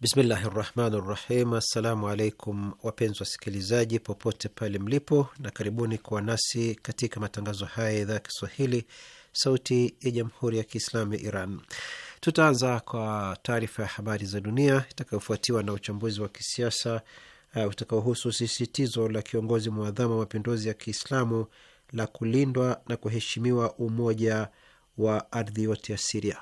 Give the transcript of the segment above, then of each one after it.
Bismillahi rahmani rahim. Assalamu alaikum wapenzi wasikilizaji popote pale mlipo, na karibuni kuwa nasi katika matangazo haya ya idhaa ya Kiswahili, Sauti ya Jamhuri ya Kiislamu ya Iran. Tutaanza kwa taarifa ya habari za dunia itakayofuatiwa na uchambuzi wa kisiasa uh, utakaohusu sisitizo la kiongozi mwadhama wa mapinduzi ya Kiislamu la kulindwa na kuheshimiwa umoja wa ardhi yote ya Siria.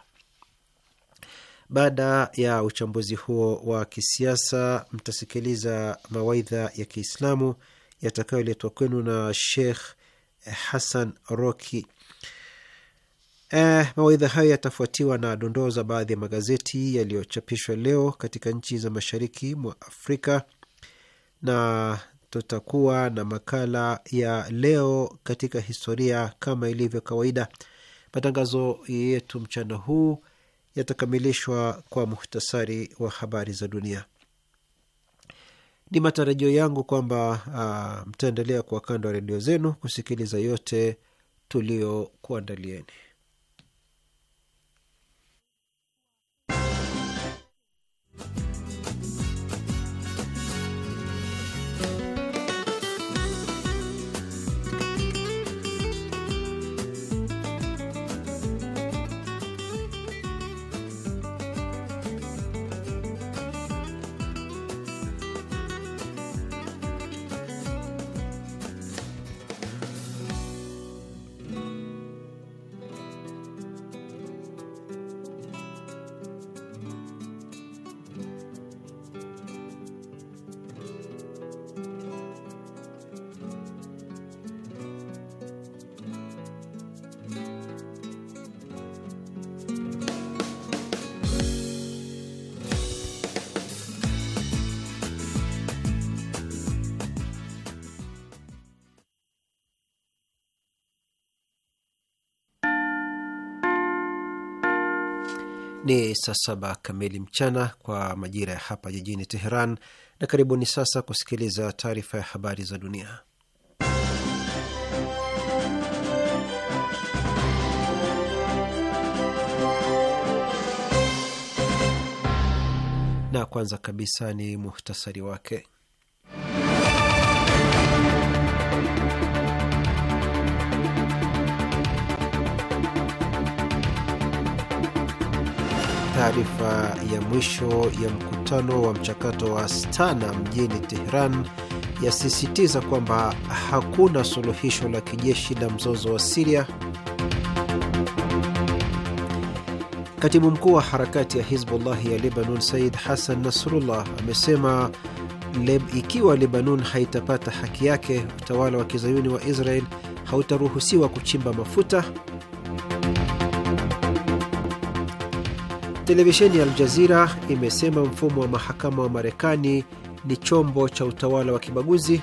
Baada ya uchambuzi huo wa kisiasa, mtasikiliza mawaidha ya Kiislamu yatakayoletwa kwenu na Sheikh Hassan Roki. Eh, mawaidha hayo yatafuatiwa na dondoo za baadhi ya magazeti yaliyochapishwa leo katika nchi za mashariki mwa Afrika, na tutakuwa na makala ya leo katika historia kama ilivyo kawaida. Matangazo yetu mchana huu yatakamilishwa kwa muhtasari wa habari za dunia. Ni matarajio yangu kwamba uh, mtaendelea kuwa kando ya redio zenu kusikiliza yote tuliokuandalieni saa saba kamili mchana kwa majira ya hapa jijini Teheran, na karibuni sasa kusikiliza taarifa ya habari za dunia. Na kwanza kabisa ni muhtasari wake. taarifa ya mwisho ya mkutano wa mchakato wa Astana mjini Teheran yasisitiza kwamba hakuna suluhisho la kijeshi la mzozo wa Siria. Katibu mkuu wa harakati ya Hizbullahi ya Lebanon Said Hassan Nasrullah amesema leb, ikiwa Lebanon haitapata haki yake, utawala wa kizayuni wa Israel hautaruhusiwa kuchimba mafuta Televisheni ya Aljazira imesema mfumo wa mahakama wa Marekani ni chombo cha utawala wa kibaguzi,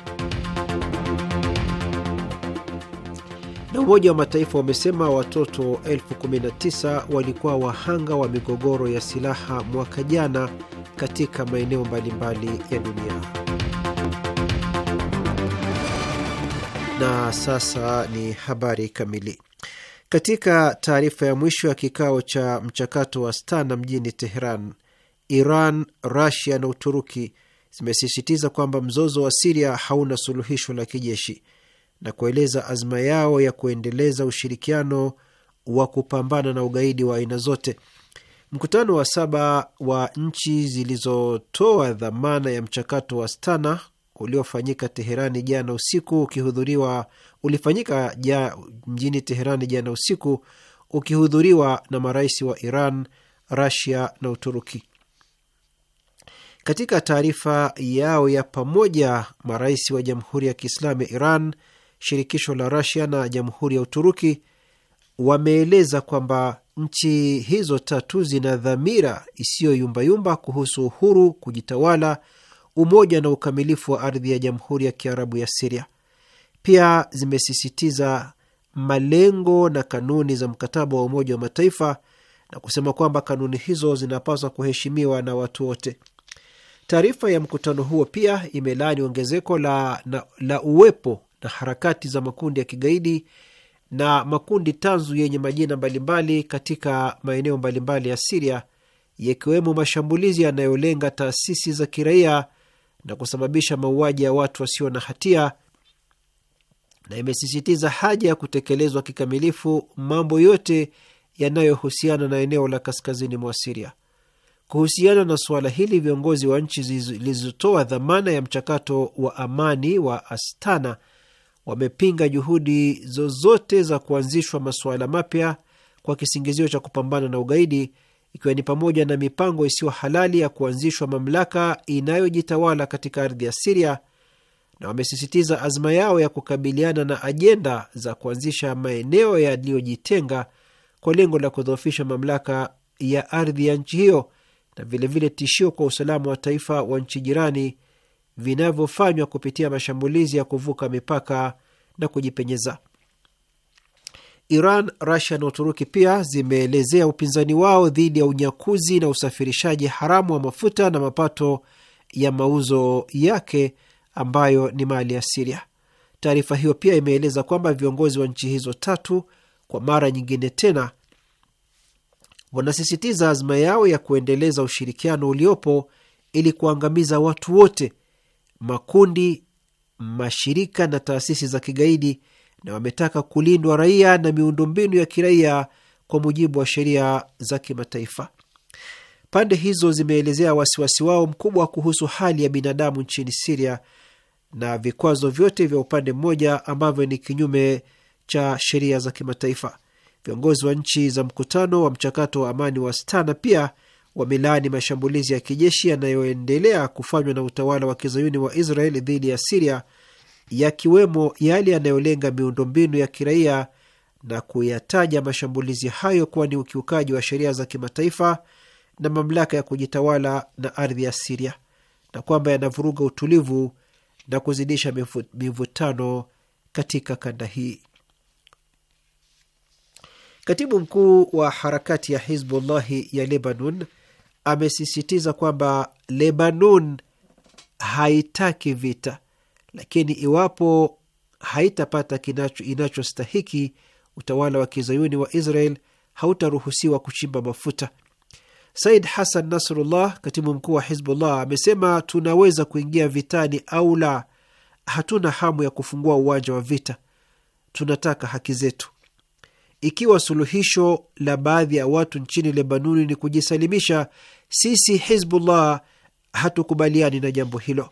na Umoja wa Mataifa wamesema watoto elfu 19 walikuwa wahanga wa migogoro ya silaha mwaka jana katika maeneo mbalimbali ya dunia. Na sasa ni habari kamili. Katika taarifa ya mwisho ya kikao cha mchakato wa Astana mjini Teheran, Iran, Rasia na Uturuki zimesisitiza kwamba mzozo wa Siria hauna suluhisho la kijeshi na kueleza azma yao ya kuendeleza ushirikiano wa kupambana na ugaidi wa aina zote. Mkutano wa saba wa nchi zilizotoa dhamana ya mchakato wa Astana uliofanyika Teherani jana usiku ukihudhuriwa ulifanyika ja, mjini Teherani jana usiku ukihudhuriwa na marais wa Iran, Rasia na Uturuki. Katika taarifa yao ya pamoja, marais wa Jamhuri ya Kiislamu ya Iran, shirikisho la Rasia na Jamhuri ya Uturuki wameeleza kwamba nchi hizo tatu zina dhamira isiyo yumbayumba kuhusu uhuru, kujitawala umoja na ukamilifu wa ardhi ya Jamhuri ya Kiarabu ya Siria. Pia zimesisitiza malengo na kanuni za mkataba wa Umoja wa Mataifa na kusema kwamba kanuni hizo zinapaswa kuheshimiwa na watu wote. Taarifa ya mkutano huo pia imelaani ongezeko la, na, la uwepo na harakati za makundi ya kigaidi na makundi tanzu yenye majina mbalimbali katika maeneo mbalimbali ya Siria yakiwemo mashambulizi yanayolenga taasisi za kiraia na kusababisha mauaji ya watu wasio na hatia na imesisitiza haja ya kutekelezwa kikamilifu mambo yote yanayohusiana na eneo la kaskazini mwa Siria. Kuhusiana na suala hili, viongozi wa nchi zilizotoa dhamana ya mchakato wa amani wa Astana wamepinga juhudi zozote za kuanzishwa masuala mapya kwa kisingizio cha kupambana na ugaidi ikiwa ni pamoja na mipango isiyo halali ya kuanzishwa mamlaka inayojitawala katika ardhi ya Siria, na wamesisitiza azma yao ya kukabiliana na ajenda za kuanzisha maeneo yaliyojitenga kwa lengo la kudhoofisha mamlaka ya ardhi ya nchi hiyo na vilevile vile tishio kwa usalama wa taifa wa nchi jirani vinavyofanywa kupitia mashambulizi ya kuvuka mipaka na kujipenyeza. Iran, Rasia na Uturuki pia zimeelezea upinzani wao dhidi ya unyakuzi na usafirishaji haramu wa mafuta na mapato ya mauzo yake ambayo ni mali ya Siria. Taarifa hiyo pia imeeleza kwamba viongozi wa nchi hizo tatu kwa mara nyingine tena wanasisitiza azma yao ya kuendeleza ushirikiano uliopo ili kuangamiza watu wote, makundi, mashirika na taasisi za kigaidi na wametaka kulindwa raia na miundombinu ya kiraia kwa mujibu wa sheria za kimataifa. Pande hizo zimeelezea wasiwasi wao mkubwa kuhusu hali ya binadamu nchini Siria na vikwazo vyote vya upande mmoja ambavyo ni kinyume cha sheria za kimataifa. Viongozi wa nchi za mkutano wa mchakato wa amani wa Astana pia wamelaani mashambulizi ya kijeshi yanayoendelea kufanywa na utawala wa kizayuni wa Israel dhidi ya Siria yakiwemo yale yanayolenga miundombinu ya kiraia na kuyataja mashambulizi hayo kuwa ni ukiukaji wa sheria za kimataifa na mamlaka ya kujitawala na ardhi ya Siria na kwamba yanavuruga utulivu na kuzidisha mivutano katika kanda hii. Katibu mkuu wa harakati ya Hizbullahi ya Lebanon amesisitiza kwamba Lebanon haitaki vita lakini iwapo haitapata kinacho inachostahiki, utawala wa kizayuni wa Israel hautaruhusiwa kuchimba mafuta. Said Hassan Nasrullah, katibu mkuu wa Hizbullah, amesema tunaweza kuingia vitani au la, hatuna hamu ya kufungua uwanja wa vita, tunataka haki zetu. Ikiwa suluhisho la baadhi ya watu nchini Lebanoni ni kujisalimisha, sisi Hizbullah hatukubaliani na jambo hilo.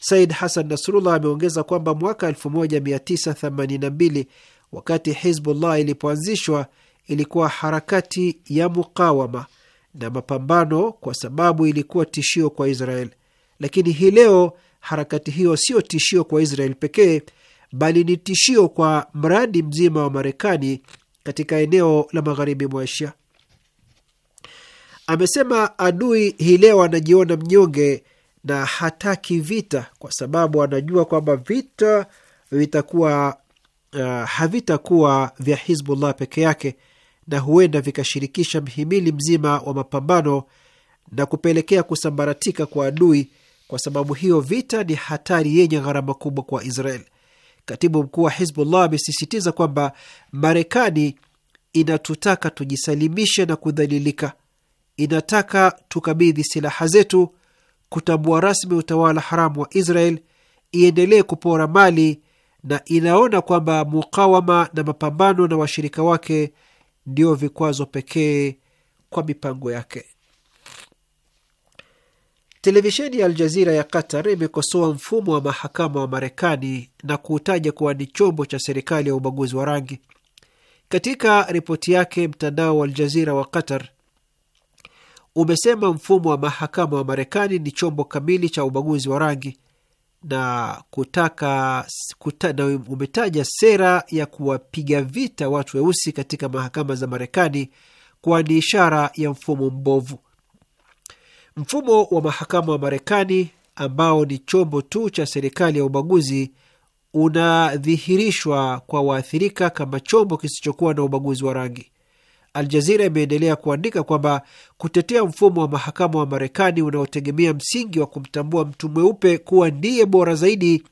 Said Hasan Nasrullah ameongeza kwamba mwaka 1982 wakati Hizbullah ilipoanzishwa ilikuwa harakati ya mukawama na mapambano, kwa sababu ilikuwa tishio kwa Israel. Lakini hii leo harakati hiyo siyo tishio kwa Israel pekee, bali ni tishio kwa mradi mzima wa Marekani katika eneo la magharibi mwa Asia. Amesema adui hii leo anajiona mnyonge na hataki vita, kwa sababu anajua kwamba vita vitakuwa uh, havitakuwa vya Hizbullah peke yake, na huenda vikashirikisha mhimili mzima wa mapambano na kupelekea kusambaratika kwa adui. Kwa sababu hiyo, vita ni hatari yenye gharama kubwa kwa Israel. Katibu mkuu wa Hizbullah amesisitiza kwamba Marekani inatutaka tujisalimishe na kudhalilika, inataka tukabidhi silaha zetu kutambua rasmi utawala haramu wa Israel, iendelee kupora mali na inaona kwamba mukawama na mapambano na washirika wake ndio vikwazo pekee kwa mipango yake. Televisheni ya Aljazira ya Qatar imekosoa mfumo wa mahakama wa Marekani na kuutaja kuwa ni chombo cha serikali ya ubaguzi wa rangi. Katika ripoti yake, mtandao wa Aljazira wa Qatar umesema mfumo wa mahakama wa Marekani ni chombo kamili cha ubaguzi wa rangi na kutaka kuta, na umetaja sera ya kuwapiga vita watu weusi katika mahakama za Marekani kuwa ni ishara ya mfumo mbovu. Mfumo wa mahakama wa Marekani ambao ni chombo tu cha serikali ya ubaguzi unadhihirishwa kwa waathirika kama chombo kisichokuwa na ubaguzi wa rangi. Aljazira imeendelea kuandika kwamba kutetea mfumo wa mahakama wa Marekani unaotegemea msingi wa kumtambua mtu mweupe kuwa ndiye bora zaidi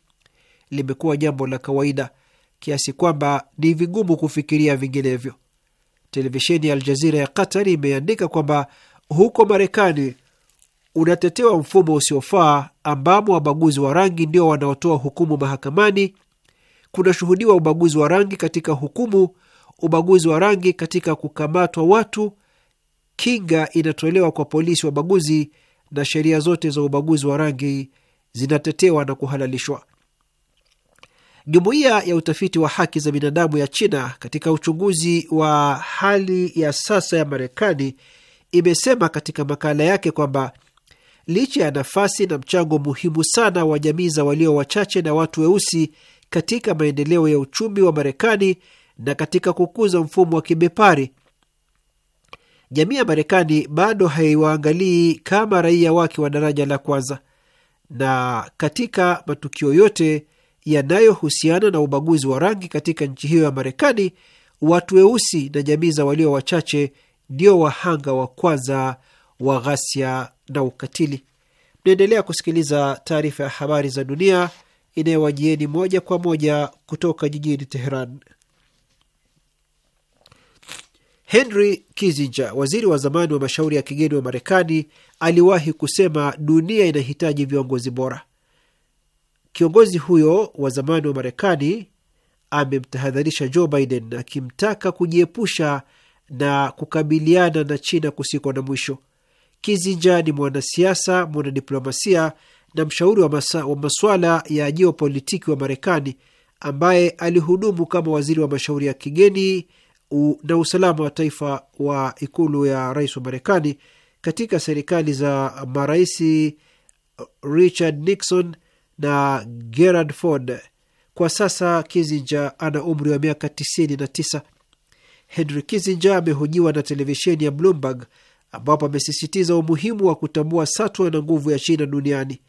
limekuwa jambo la kawaida kiasi kwamba ni vigumu kufikiria vinginevyo. Televisheni ya Aljazira ya Qatar imeandika kwamba huko Marekani unatetewa mfumo usiofaa ambamo wabaguzi wa rangi ndio wanaotoa hukumu mahakamani. Kunashuhudiwa ubaguzi wa rangi katika hukumu ubaguzi wa rangi katika kukamatwa watu, kinga inatolewa kwa polisi wa baguzi na sheria zote za ubaguzi wa rangi zinatetewa na kuhalalishwa. Jumuiya ya utafiti wa haki za binadamu ya China katika uchunguzi wa hali ya sasa ya Marekani imesema katika makala yake kwamba licha ya nafasi na mchango muhimu sana wa jamii za walio wachache na watu weusi katika maendeleo ya uchumi wa Marekani na katika kukuza mfumo wa kibepari. Jamii ya Marekani bado haiwaangalii kama raia wake wa daraja la kwanza, na katika matukio yote yanayohusiana na ubaguzi wa rangi katika nchi hiyo ya Marekani, watu weusi na jamii za walio wachache ndio wahanga wa kwanza wa ghasia na ukatili. Mnaendelea kusikiliza taarifa ya habari za dunia inayowajieni moja kwa moja kutoka jijini Teheran. Henry Kissinger, waziri wa zamani wa mashauri ya kigeni wa Marekani, aliwahi kusema dunia inahitaji viongozi bora. Kiongozi huyo wa zamani wa Marekani amemtahadharisha Joe Biden akimtaka kujiepusha na kukabiliana na China kusiko na mwisho. Kissinger ni mwanasiasa, mwanadiplomasia na mshauri wa, masa, wa masuala ya jiopolitiki wa Marekani ambaye alihudumu kama waziri wa mashauri ya kigeni na usalama wa taifa wa ikulu ya rais wa Marekani katika serikali za maraisi uh, Richard Nixon na Gerald Ford. Kwa sasa Kissinger ana umri wa miaka 99. Henry Kissinger amehojiwa na televisheni ya Bloomberg ambapo amesisitiza umuhimu wa kutambua satwa na nguvu ya China duniani.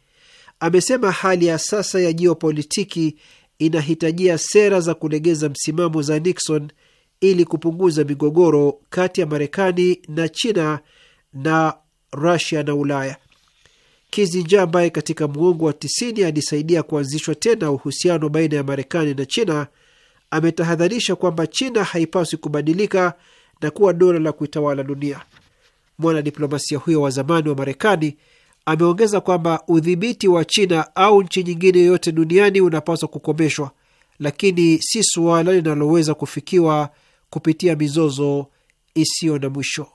Amesema hali ya sasa ya jiopolitiki inahitajia sera za kulegeza msimamo za Nixon ili kupunguza migogoro kati ya Marekani na China na Rusia na Ulaya. Kizinja ambaye katika muongo wa tisini alisaidia kuanzishwa tena uhusiano baina ya Marekani na China ametahadharisha kwamba China haipaswi kubadilika na kuwa dola la kuitawala dunia. Mwanadiplomasia huyo wa zamani wa Marekani ameongeza kwamba udhibiti wa China au nchi nyingine yoyote duniani unapaswa kukomeshwa, lakini si suala linaloweza kufikiwa kupitia mizozo isiyo na mwisho.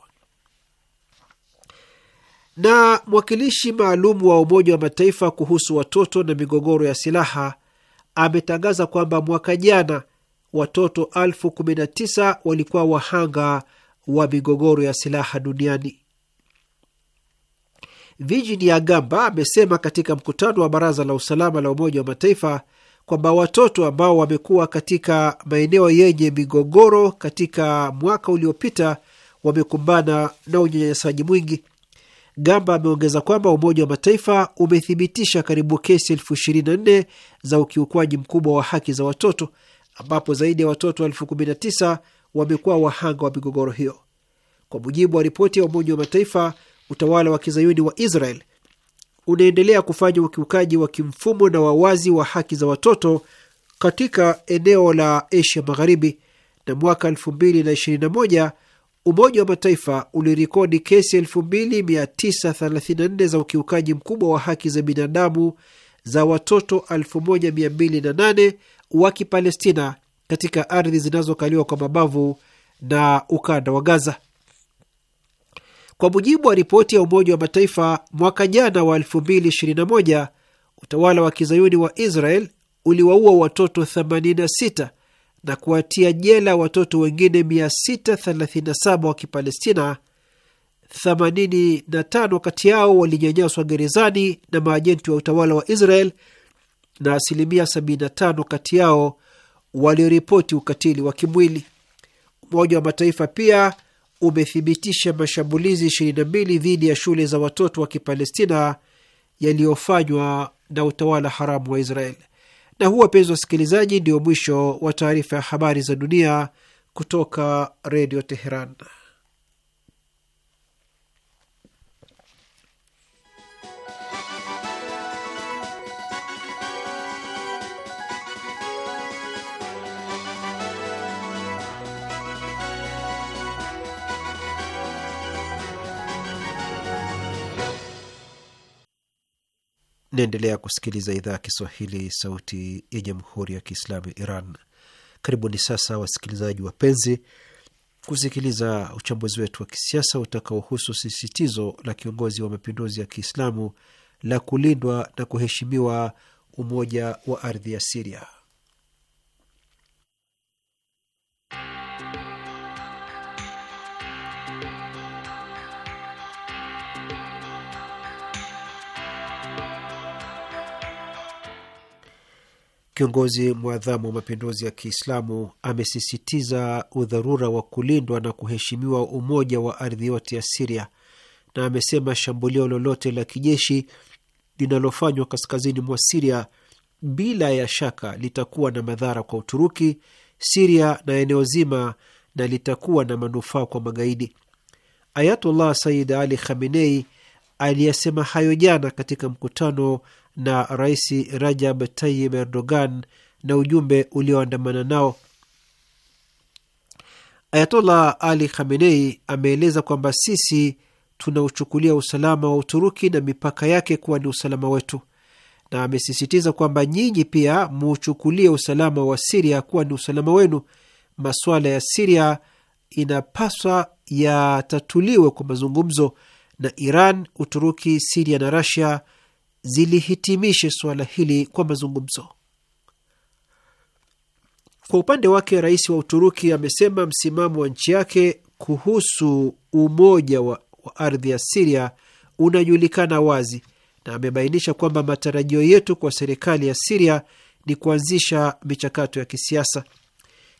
Na mwakilishi maalum wa Umoja wa Mataifa kuhusu watoto na migogoro ya silaha ametangaza kwamba mwaka jana watoto elfu kumi na tisa walikuwa wahanga wa migogoro ya silaha duniani. Virginia Gamba amesema katika mkutano wa Baraza la Usalama la Umoja wa Mataifa kwamba watoto ambao wamekuwa katika maeneo yenye migogoro katika mwaka uliopita wamekumbana na unyanyasaji mwingi. Gamba ameongeza kwamba Umoja wa Mataifa umethibitisha karibu kesi elfu ishirini na nne za ukiukwaji mkubwa wa haki za watoto ambapo zaidi ya watoto elfu kumi na tisa wamekuwa wahanga wa migogoro hiyo. Kwa mujibu wa ripoti ya Umoja wa Mataifa, utawala wa kizayuni wa Israel unaendelea kufanya ukiukaji wa kimfumo na wawazi wa haki za watoto katika eneo la Asia Magharibi, na mwaka 2021 Umoja wa Mataifa ulirekodi kesi 2934 za ukiukaji mkubwa wa haki za binadamu za watoto 1208 wa Kipalestina katika ardhi zinazokaliwa kwa mabavu na ukanda wa Gaza. Kwa mujibu wa ripoti ya Umoja wa Mataifa mwaka jana wa 2021, utawala wa kizayuni wa Israel uliwaua watoto 86 na kuwatia jela watoto wengine 637 wa Kipalestina, 85 kati yao walinyanyaswa gerezani na maajenti wa utawala wa Israel na asilimia 75 kati yao walioripoti ukatili wa kimwili. Umoja wa Mataifa pia umethibitisha mashambulizi 22 dhidi ya shule za watoto wa Kipalestina yaliyofanywa na utawala haramu wa Israel. Na huu, wapenzi wasikilizaji, ndio mwisho wa taarifa ya habari za dunia kutoka Redio Teheran. Naendelea kusikiliza idhaa ya Kiswahili, sauti ya jamhuri ya kiislamu ya Iran. Karibuni sasa, wasikilizaji wapenzi, kusikiliza uchambuzi wetu wa kisiasa utakaohusu sisitizo la kiongozi wa mapinduzi ya Kiislamu la kulindwa na kuheshimiwa umoja wa ardhi ya Siria. Kiongozi mwadhamu wa mapinduzi ya Kiislamu amesisitiza udharura wa kulindwa na kuheshimiwa umoja wa ardhi yote ya Siria na amesema shambulio lolote la kijeshi linalofanywa kaskazini mwa Siria bila ya shaka litakuwa na madhara kwa Uturuki, Siria na eneo zima na litakuwa na manufaa kwa magaidi. Ayatullah Sayyid Ali Khamenei aliyasema hayo jana katika mkutano na Rais Rajab tayib Erdogan na ujumbe ulioandamana nao. Ayatollah Ali Khamenei ameeleza kwamba sisi tunauchukulia usalama wa Uturuki na mipaka yake kuwa ni usalama wetu, na amesisitiza kwamba nyinyi pia muuchukulie usalama wa Siria kuwa ni usalama wenu. Masuala ya Siria inapaswa yatatuliwe kwa mazungumzo na Iran, Uturuki, Siria na Rasia zilihitimishe suala hili kwa mazungumzo. Kwa upande wake, rais wa Uturuki amesema msimamo wa nchi yake kuhusu umoja wa, wa ardhi ya Siria unajulikana wazi na amebainisha kwamba matarajio yetu kwa serikali ya Siria ni kuanzisha michakato ya kisiasa.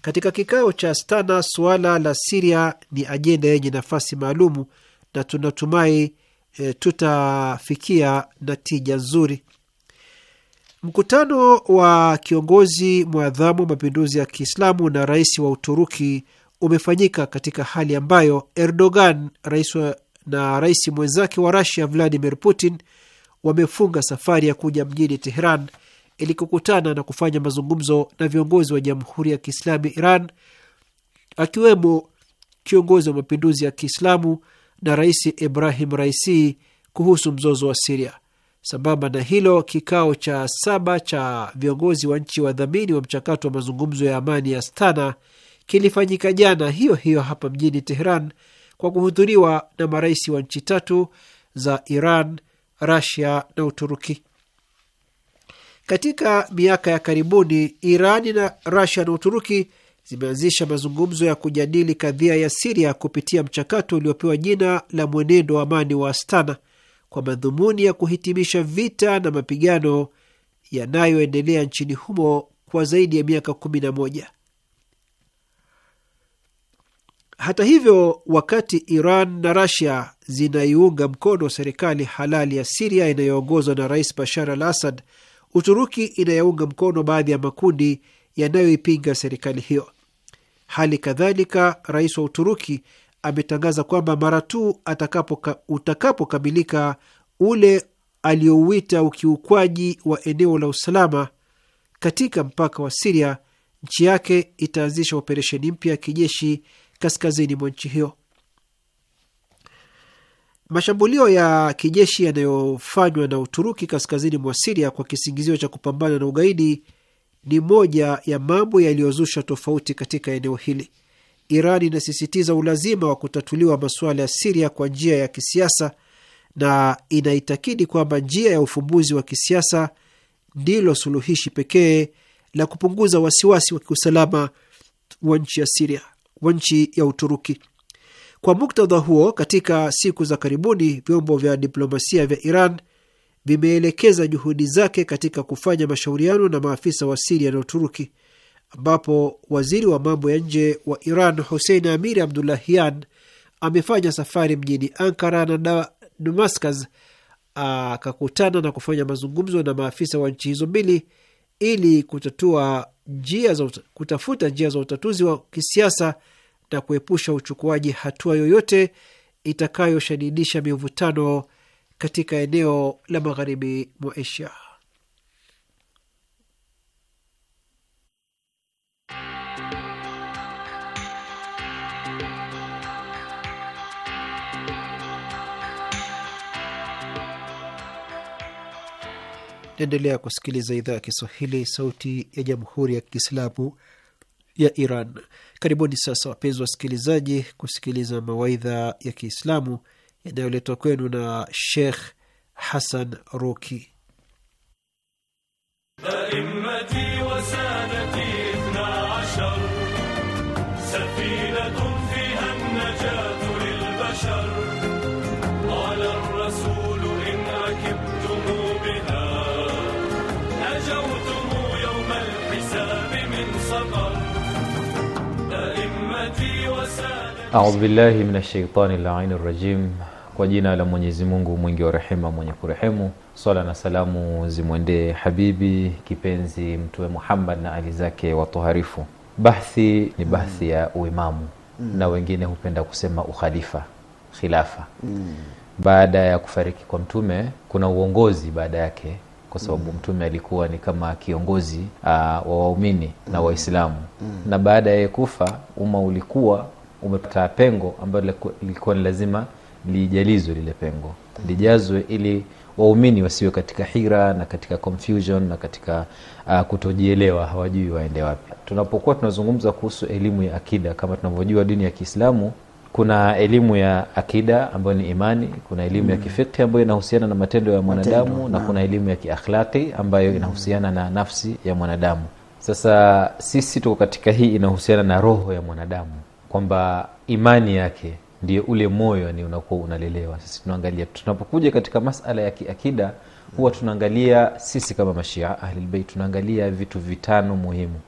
Katika kikao cha Astana, suala la Siria ni ajenda yenye nafasi maalumu na tunatumai e, tutafikia natija nzuri. Mkutano wa kiongozi mwadhamu wa mapinduzi ya Kiislamu na rais wa Uturuki umefanyika katika hali ambayo Erdogan rais na rais mwenzake wa Rusia Vladimir Putin wamefunga safari ya kuja mjini Teheran ili kukutana na kufanya mazungumzo na viongozi wa Jamhuri ya Kiislamu Iran, akiwemo kiongozi wa mapinduzi ya Kiislamu na Rais Ibrahim Raisi kuhusu mzozo wa Siria. Sambamba na hilo, kikao cha saba cha viongozi wa nchi wadhamini wa mchakato wa mazungumzo ya amani ya Astana kilifanyika jana hiyo hiyo hapa mjini Teheran kwa kuhudhuriwa na marais wa nchi tatu za Iran, Rasia na Uturuki. Katika miaka ya karibuni Iran na Rasia na Uturuki zimeanzisha mazungumzo ya kujadili kadhia ya Siria kupitia mchakato uliopewa jina la mwenendo wa amani wa Astana kwa madhumuni ya kuhitimisha vita na mapigano yanayoendelea nchini humo kwa zaidi ya miaka kumi na moja. Hata hivyo, wakati Iran na Rasia zinaiunga mkono serikali halali ya Siria inayoongozwa na Rais Bashar al Assad, Uturuki inayaunga mkono baadhi ya makundi yanayoipinga serikali hiyo. Hali kadhalika, rais wa Uturuki ametangaza kwamba mara tu utakapokamilika ule aliouita ukiukwaji wa eneo la usalama katika mpaka wa Siria, nchi yake itaanzisha operesheni mpya ya kijeshi kaskazini mwa nchi hiyo. Mashambulio ya kijeshi yanayofanywa na Uturuki kaskazini mwa Siria kwa kisingizio cha kupambana na ugaidi ni moja ya mambo yaliyozusha tofauti katika eneo hili. Iran inasisitiza ulazima wa kutatuliwa masuala ya Siria kwa njia ya kisiasa na inaitakidi kwamba njia ya ufumbuzi wa kisiasa ndilo suluhishi pekee la kupunguza wasiwasi wa kiusalama wa nchi ya Siria, wa nchi ya Uturuki. Kwa muktadha huo, katika siku za karibuni vyombo vya diplomasia vya Iran vimeelekeza juhudi zake katika kufanya mashauriano na maafisa wa Siria na Uturuki, ambapo waziri wa mambo ya nje wa Iran Hussein Amir Abdullahian amefanya safari mjini Ankara na Damascus akakutana na kufanya mazungumzo na maafisa wa nchi hizo mbili ili kutatua njia za, kutafuta njia za utatuzi wa kisiasa na kuepusha uchukuaji hatua yoyote itakayoshadidisha mivutano katika eneo la magharibi mwa Asia. Naendelea kusikiliza idhaa ya Kiswahili, sauti ya jamhuri ya kiislamu ya Iran. Karibuni sasa, wapenzi wasikilizaji, kusikiliza mawaidha ya Kiislamu inayoletwa kwenu na Sheikh Hassan Ruki. أعوذ بالله من الشيطان اللعين الرجيم kwa jina la mwenyezi mungu mwingi wa rehema mwenye kurehemu swala na salamu zimwendee habibi kipenzi mtume muhammad na ali zake watoharifu bahthi ni mm. bahthi mm. ya uimamu mm. na wengine hupenda kusema ukhalifa khilafa mm. baada ya kufariki kwa mtume kuna uongozi baada yake kwa sababu mm. mtume alikuwa ni kama kiongozi uh, wa waumini mm. na waislamu mm. na baada ya kufa umma ulikuwa umepata pengo ambayo lilikuwa ni lazima lijalizwe lile pengo, lijazwe ili waumini wasiwe katika hira na katika confusion na katika uh, kutojielewa, hawajui waende wapi. Tunapokuwa tunazungumza kuhusu elimu ya akida, kama tunavyojua dini ya Kiislamu kuna elimu ya akida ambayo ni imani, kuna elimu mm. ya kifikhi ambayo inahusiana na matendo ya mwanadamu matendo, na, na kuna elimu ya kiakhlaqi ambayo mm. inahusiana na nafsi ya mwanadamu. Sasa sisi tuko katika hii inahusiana na roho ya mwanadamu, kwamba imani yake ndio ule moyo ni unakuwa unalelewa. Sisi tunaangalia tunapokuja katika masala ya kiakida, huwa tunaangalia sisi kama mashia ahlilbeit, tunaangalia vitu vitano muhimu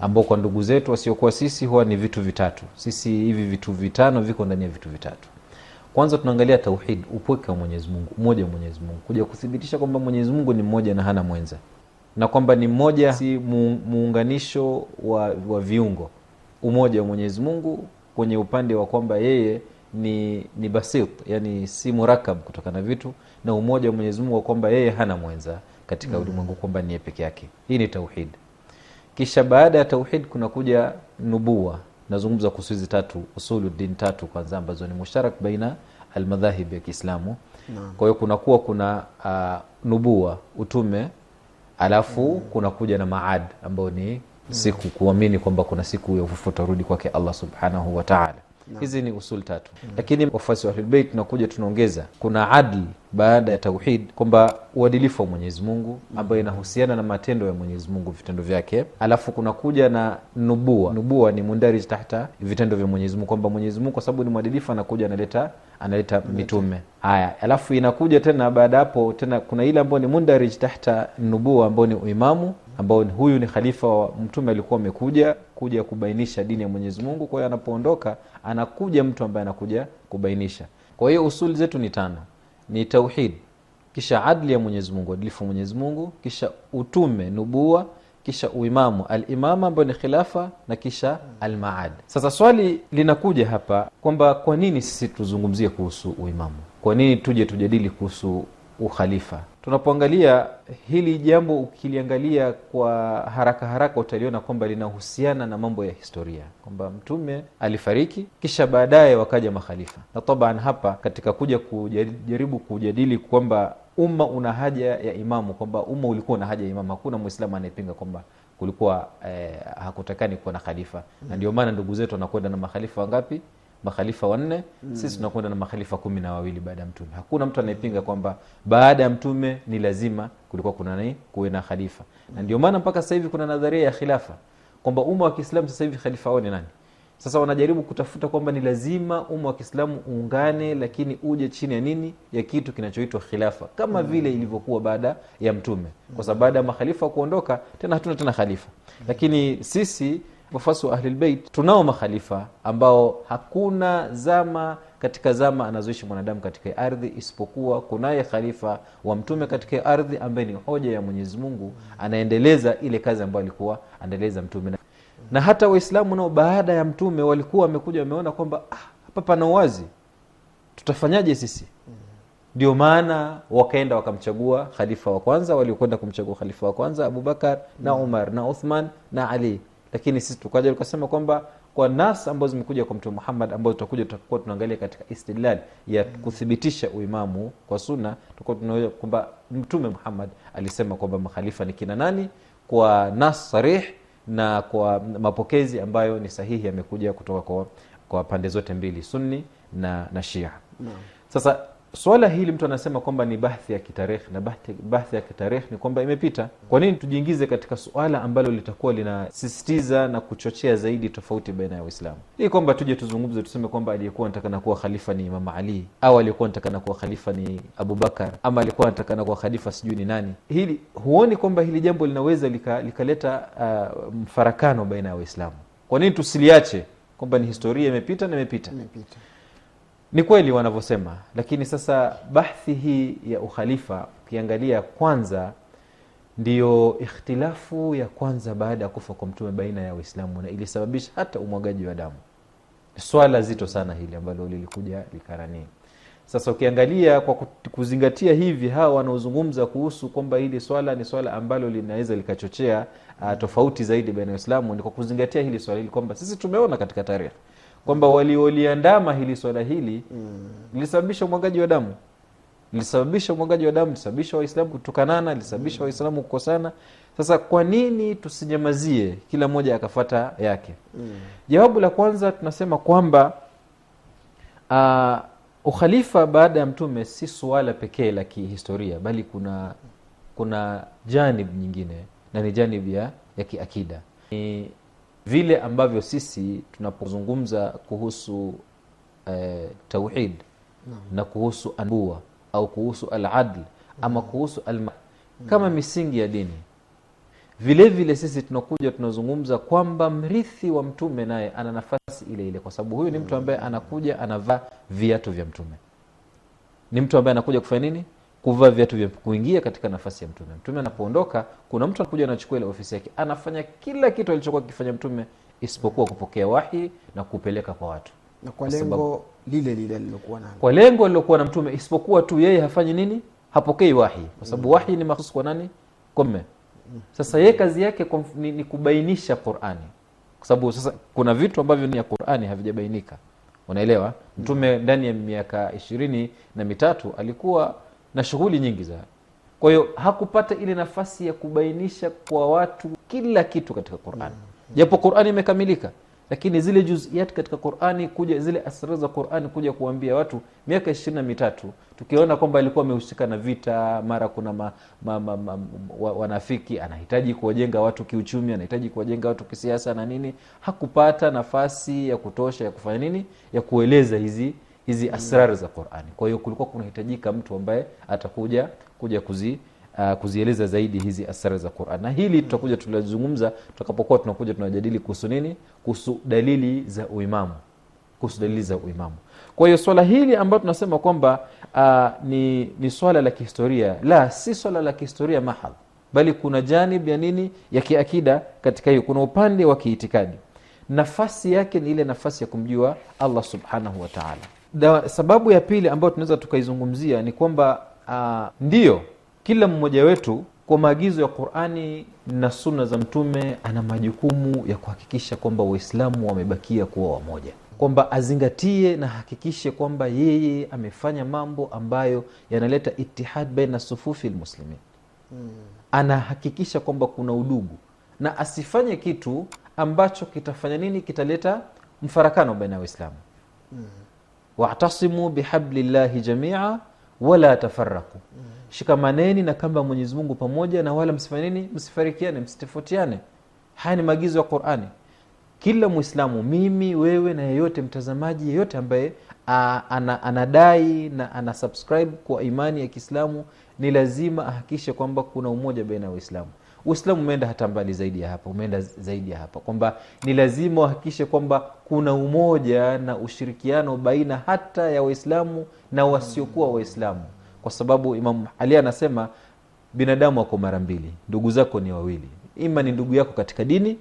ambao kwa ndugu zetu wasiokuwa sisi huwa ni vitu vitatu. Sisi hivi vitu vitano viko ndani ya vitu vitatu. Kwanza tunaangalia tauhid, upweke wa Mwenyezi Mungu, umoja wa Mwenyezi Mungu, kuja kuthibitisha kwamba Mwenyezi Mungu ni mmoja na hana mwenza, na kwamba ni mmoja, si muunganisho wa, wa viungo. Umoja wa Mwenyezi Mungu kwenye upande wa kwamba yeye ni ni basit, yani si murakab kutokana na vitu, na umoja wa Mwenyezi Mungu wa kwamba yeye hana mwenza katika mm. ulimwengu, kwamba niye peke yake. Hii ni tauhid. Kisha baada ya tauhid kunakuja nubua. Nazungumza kuhusu hizi tatu usuludin tatu kwanza, ambazo ni mushtarak baina almadhahib ya Kiislamu. Kwa hiyo kunakuwa kuna, kuna uh, nubua utume alafu mm. kunakuja na maad ambao ni Mm. siku kuamini kwamba kuna siku ya ufufu utarudi kwake Allah subhanahu wataala. Hizi ni usul tatu, mm. lakini wafuasi wa Ahlulbeit tunakuja tunaongeza, kuna adli baada ya tauhid, kwamba uadilifu wa Mwenyezi Mungu mm. ambayo inahusiana na matendo ya Mwenyezi Mungu, vitendo vyake. Alafu kunakuja na nubua. Nubua ni mundarij tahta vitendo vya Mwenyezi Mungu, kwamba Mwenyezi Mungu kwa sababu ni mwadilifu anakuja analeta analeta mitume. Haya, alafu inakuja tena baada hapo tena kuna ile ambayo ni mundarij tahta nubua, ambayo ni uimamu ambao huyu ni khalifa wa mtume alikuwa amekuja kuja kubainisha dini ya mwenyezi mungu kwa hiyo anapoondoka anakuja mtu ambaye anakuja kubainisha kwa hiyo usuli zetu ni tano ni tauhid kisha adli ya mwenyezi mungu adilifu mwenyezi mungu kisha utume nubua kisha uimamu alimama ambayo ni khilafa na kisha almaad sasa swali linakuja hapa kwamba kwa nini sisi tuzungumzie kuhusu uimamu kwa nini tuje tujadili kuhusu ukhalifa tunapoangalia hili jambo, ukiliangalia kwa haraka haraka utaliona kwamba linahusiana na mambo ya historia, kwamba mtume alifariki, kisha baadaye wakaja makhalifa. Na taban hapa katika kuja kujaribu kujadili kwamba umma una haja ya imamu, kwamba umma ulikuwa una haja ya imamu, hakuna mwislamu anayepinga kwamba kulikuwa eh, hakutakani kuwa na khalifa, na ndio maana ndugu zetu wanakwenda na makhalifa wangapi? makhalifa wanne mm. sisi tunakwenda na makhalifa kumi na wawili baada ya mtume hakuna mtu anayepinga kwamba baada ya mtume ni lazima kulikuwa kuna nani kuwe na khalifa mm. na ndio maana mpaka sasa hivi kuna nadharia ya khilafa kwamba umma wa kiislamu sasa hivi khalifa wao ni nani sasa wanajaribu kutafuta kwamba ni lazima umma wa kiislamu uungane lakini uje chini ya nini ya kitu kinachoitwa khilafa kama mm. vile ilivyokuwa baada ya mtume kwa sababu baada ya makhalifa kuondoka tena hatuna tena khalifa mm. lakini sisi wafuasi wa Ahlilbeit tunao makhalifa ambao hakuna zama katika zama anazoishi mwanadamu katika ardhi isipokuwa kunaye khalifa wa mtume katika ardhi ambaye ni hoja ya Mwenyezi Mungu, anaendeleza ile kazi ambayo alikuwa anaendeleza mtume. Na hata Waislamu nao baada ya mtume walikuwa wamekuja wameona kwamba ah, hapa pana uwazi, tutafanyaje sisi? Ndio maana wakaenda wakamchagua khalifa wa kwanza, waliokwenda kumchagua khalifa wa kwanza Abubakar na Umar na Uthman na Ali lakini sisi tukaja tukasema kwamba kwa nas ambazo zimekuja kwa mtume muhammad ambazo tutakuja tutakuwa tunaangalia katika istidlal ya kuthibitisha uimamu kwa suna tutakuwa tunaa kwamba mtume muhammad alisema kwamba makhalifa ni kina nani kwa nas sarih na kwa mapokezi ambayo ni sahihi yamekuja kutoka kwa, kwa pande zote mbili sunni na, na shia no. sasa swala hili mtu anasema kwamba ni bahthi ya kitarehe na bahthi, ya kitarehe ni kwamba imepita. Kwa nini tujiingize katika suala ambalo litakuwa linasisitiza na kuchochea zaidi tofauti baina ya Waislamu? Hii kwamba tuje tuzungumze tuseme kwamba aliyekuwa anatakana kuwa khalifa ni Imam Ali au aliyekuwa anatakana kuwa khalifa ni Abubakar ama alikuwa anatakana kuwa khalifa sijui ni nani. Hili huoni kwamba hili jambo linaweza likaleta lika uh, mfarakano baina ya Waislamu? Kwa nini tusiliache kwamba ni historia imepita na imepita, imepita. Ni kweli wanavyosema, lakini sasa bahthi hii ya ukhalifa ukiangalia kwanza, ndiyo ikhtilafu ya kwanza baada ya kufa kwa Mtume baina ya Waislamu, na ilisababisha hata umwagaji wa damu. Swala zito sana hili ambalo lilikuja likaranii. Sasa ukiangalia kwa kuzingatia hivi, hawa wanaozungumza kuhusu kwamba hili swala ni swala ambalo linaweza likachochea ah, tofauti zaidi baina ya Waislamu, ni kwa kuzingatia hili swala hili kwamba sisi tumeona katika tarehe kwamba walioliandama hili swala hili mm. lilisababisha umwagaji wa damu lilisababisha umwagaji wa damu, lilisababisha Waislamu kutukanana, lilisababisha mm. Waislamu kukosana. Sasa kwa nini tusinyamazie, kila mmoja akafata yake? Mm. Jawabu la kwanza tunasema kwamba uh, ukhalifa baada ya Mtume si suala pekee la kihistoria, bali kuna kuna janib nyingine na ni janib ya, ya kiakida ni vile ambavyo sisi tunapozungumza kuhusu eh, tauhid no. na kuhusu anbua au kuhusu aladl no. ama kuhusu alma kama misingi ya dini vile vile sisi tunakuja tunazungumza kwamba mrithi wa mtume naye ana nafasi ile ile, kwa sababu huyu ni mtu ambaye anakuja anavaa viatu vya mtume, ni mtu ambaye anakuja kufanya nini? kuvaa viatu vya kuingia katika nafasi ya mtume. Mtume anapoondoka, kuna mtu anakuja anachukua ile ofisi yake, anafanya kila kitu alichokuwa akifanya mtume isipokuwa kupokea wahi na kupeleka kwa watu na kwa lengo lile lile lilokuwa na kwa lengo lilokuwa na mtume, isipokuwa tu yeye hafanyi nini? Hapokei wahi, kwa sababu mm. wahi ni mahususi kwa nani? Kome. Mm. Sasa yeye kazi yake kwa, ni, ni kubainisha Qurani, kwa sababu sasa kuna vitu ambavyo ni ya Qurani havijabainika, unaelewa. Mm. Mtume ndani ya miaka ishirini na mitatu alikuwa na shughuli nyingi za kwa hiyo hakupata ile nafasi ya kubainisha kwa watu kila kitu katika Qurani mm. japo Qurani imekamilika lakini zile juziat katika Qurani kuja zile asra za Qurani kuja kuambia watu miaka ishirini na mitatu tukiona kwamba alikuwa amehusika na vita, mara kuna ma, ma, ma, ma, ma, wanafiki, anahitaji kuwajenga watu kiuchumi, anahitaji kuwajenga watu kisiasa na nini, hakupata nafasi ya kutosha ya kufanya nini, ya kueleza hizi hizi asrari za Qur'ani. Kwa hiyo kulikuwa kunahitajika mtu ambaye atakuja kuja kuzi Uh, kuzieleza zaidi hizi asara za Qur'an, na hili tutakuja tulizungumza tutakapokuwa tunakuja tunajadili kuhusu nini, kuhusu dalili za uimamu, kuhusu dalili za uimamu. Kwa hiyo swala hili ambalo tunasema kwamba uh, ni, ni swala la kihistoria, la si swala la kihistoria mahal, bali kuna janib ya nini ya kiakida katika hiyo, kuna upande wa kiitikadi. Nafasi yake ni ile nafasi ya kumjua Allah subhanahu wa ta'ala da, sababu ya pili ambayo tunaweza tukaizungumzia ni kwamba uh, ah, ndiyo kila mmoja wetu kwa maagizo ya Qurani na sunna za Mtume ana majukumu ya kuhakikisha kwamba Waislamu wamebakia kuwa wamoja, kwamba azingatie na hakikishe kwamba yeye amefanya mambo ambayo yanaleta itihad baina sufufi lmuslimin hmm. Anahakikisha kwamba kuna udugu na asifanye kitu ambacho kitafanya nini, kitaleta mfarakano baina ya Waislamu hmm watasimu bihablillahi jamia wala tafaraku shikamaneni na kamba mwenyezi mungu pamoja na wala msifanini msifarikiane msitofautiane haya ni maagizo ya qurani kila mwislamu mimi wewe na yeyote mtazamaji yeyote ambaye ana, anadai na ana kwa imani ya kiislamu ni lazima ahakikishe kwamba kuna umoja baina ya waislamu Uislamu umeenda hata mbali zaidi ya hapa, umeenda zaidi ya hapa, kwamba ni lazima uhakikishe kwamba kuna umoja na ushirikiano baina hata ya Waislamu na wasiokuwa Waislamu, kwa sababu imam Ali anasema binadamu wako mara mbili, ndugu zako ni wawili, ima ni ndugu yako katika dini,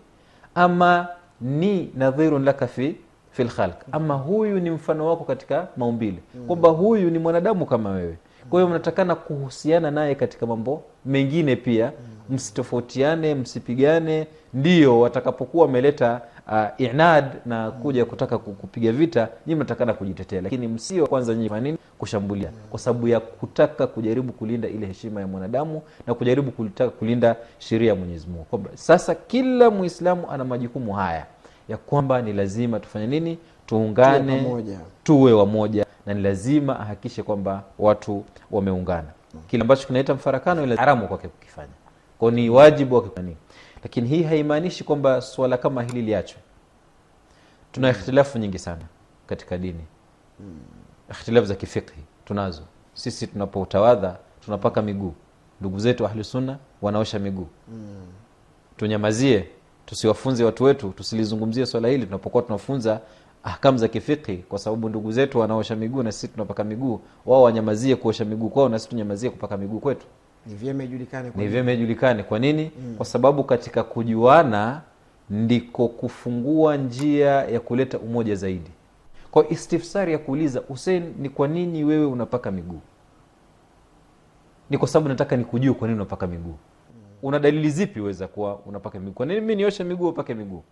ama ni nadhirun laka fi fil ama huyu ni mfano wako katika maumbile, hmm. kwamba huyu ni mwanadamu kama wewe, kwa hiyo mnatakana kuhusiana naye katika mambo mengine pia hmm msitofautiane msipigane ndio watakapokuwa wameleta uh, inad na kuja kutaka kupiga vita nyi mnatakana kujitetea lakini msio kwanza nini kushambulia kwa sababu ya kutaka kujaribu kulinda ile heshima ya mwanadamu na kujaribu kutaka kulinda sheria ya mwenyezi mungu sasa kila mwislamu ana majukumu haya ya kwamba ni lazima tufanye nini tuungane tuwe wamoja na ni lazima ahakishe kwamba watu wameungana kile ambacho kinaita mfarakano haramu kwake kukifanya kwao ni wajibu wa kikani. Lakini hii haimaanishi kwamba swala kama hili liachwe. Tuna mm. ikhtilafu nyingi sana katika dini, mm. ikhtilafu za kifikhi tunazo sisi. Tunapotawadha tunapaka miguu, ndugu zetu ahlusunna wanaosha miguu. Mm. Tunyamazie, tusiwafunze watu wetu, tusilizungumzie swala hili tunapokuwa tunafunza ahkamu za kifikhi, kwa sababu ndugu zetu wanaosha miguu na sisi tunapaka miguu, wao wanyamazie kuosha miguu kwao na sisi tunyamazie kupaka miguu kwetu ni vyema ijulikane kwa, kwa nini mm. kwa sababu katika kujuana ndiko kufungua njia ya kuleta umoja zaidi kwa istifsari ya kuuliza husein ni kwa nini wewe unapaka miguu ni kwa sababu nataka nikujue kwa nini unapaka miguu mm. una dalili zipi weza kuwa unapaka miguu kwa nini mi nioshe miguu upake miguu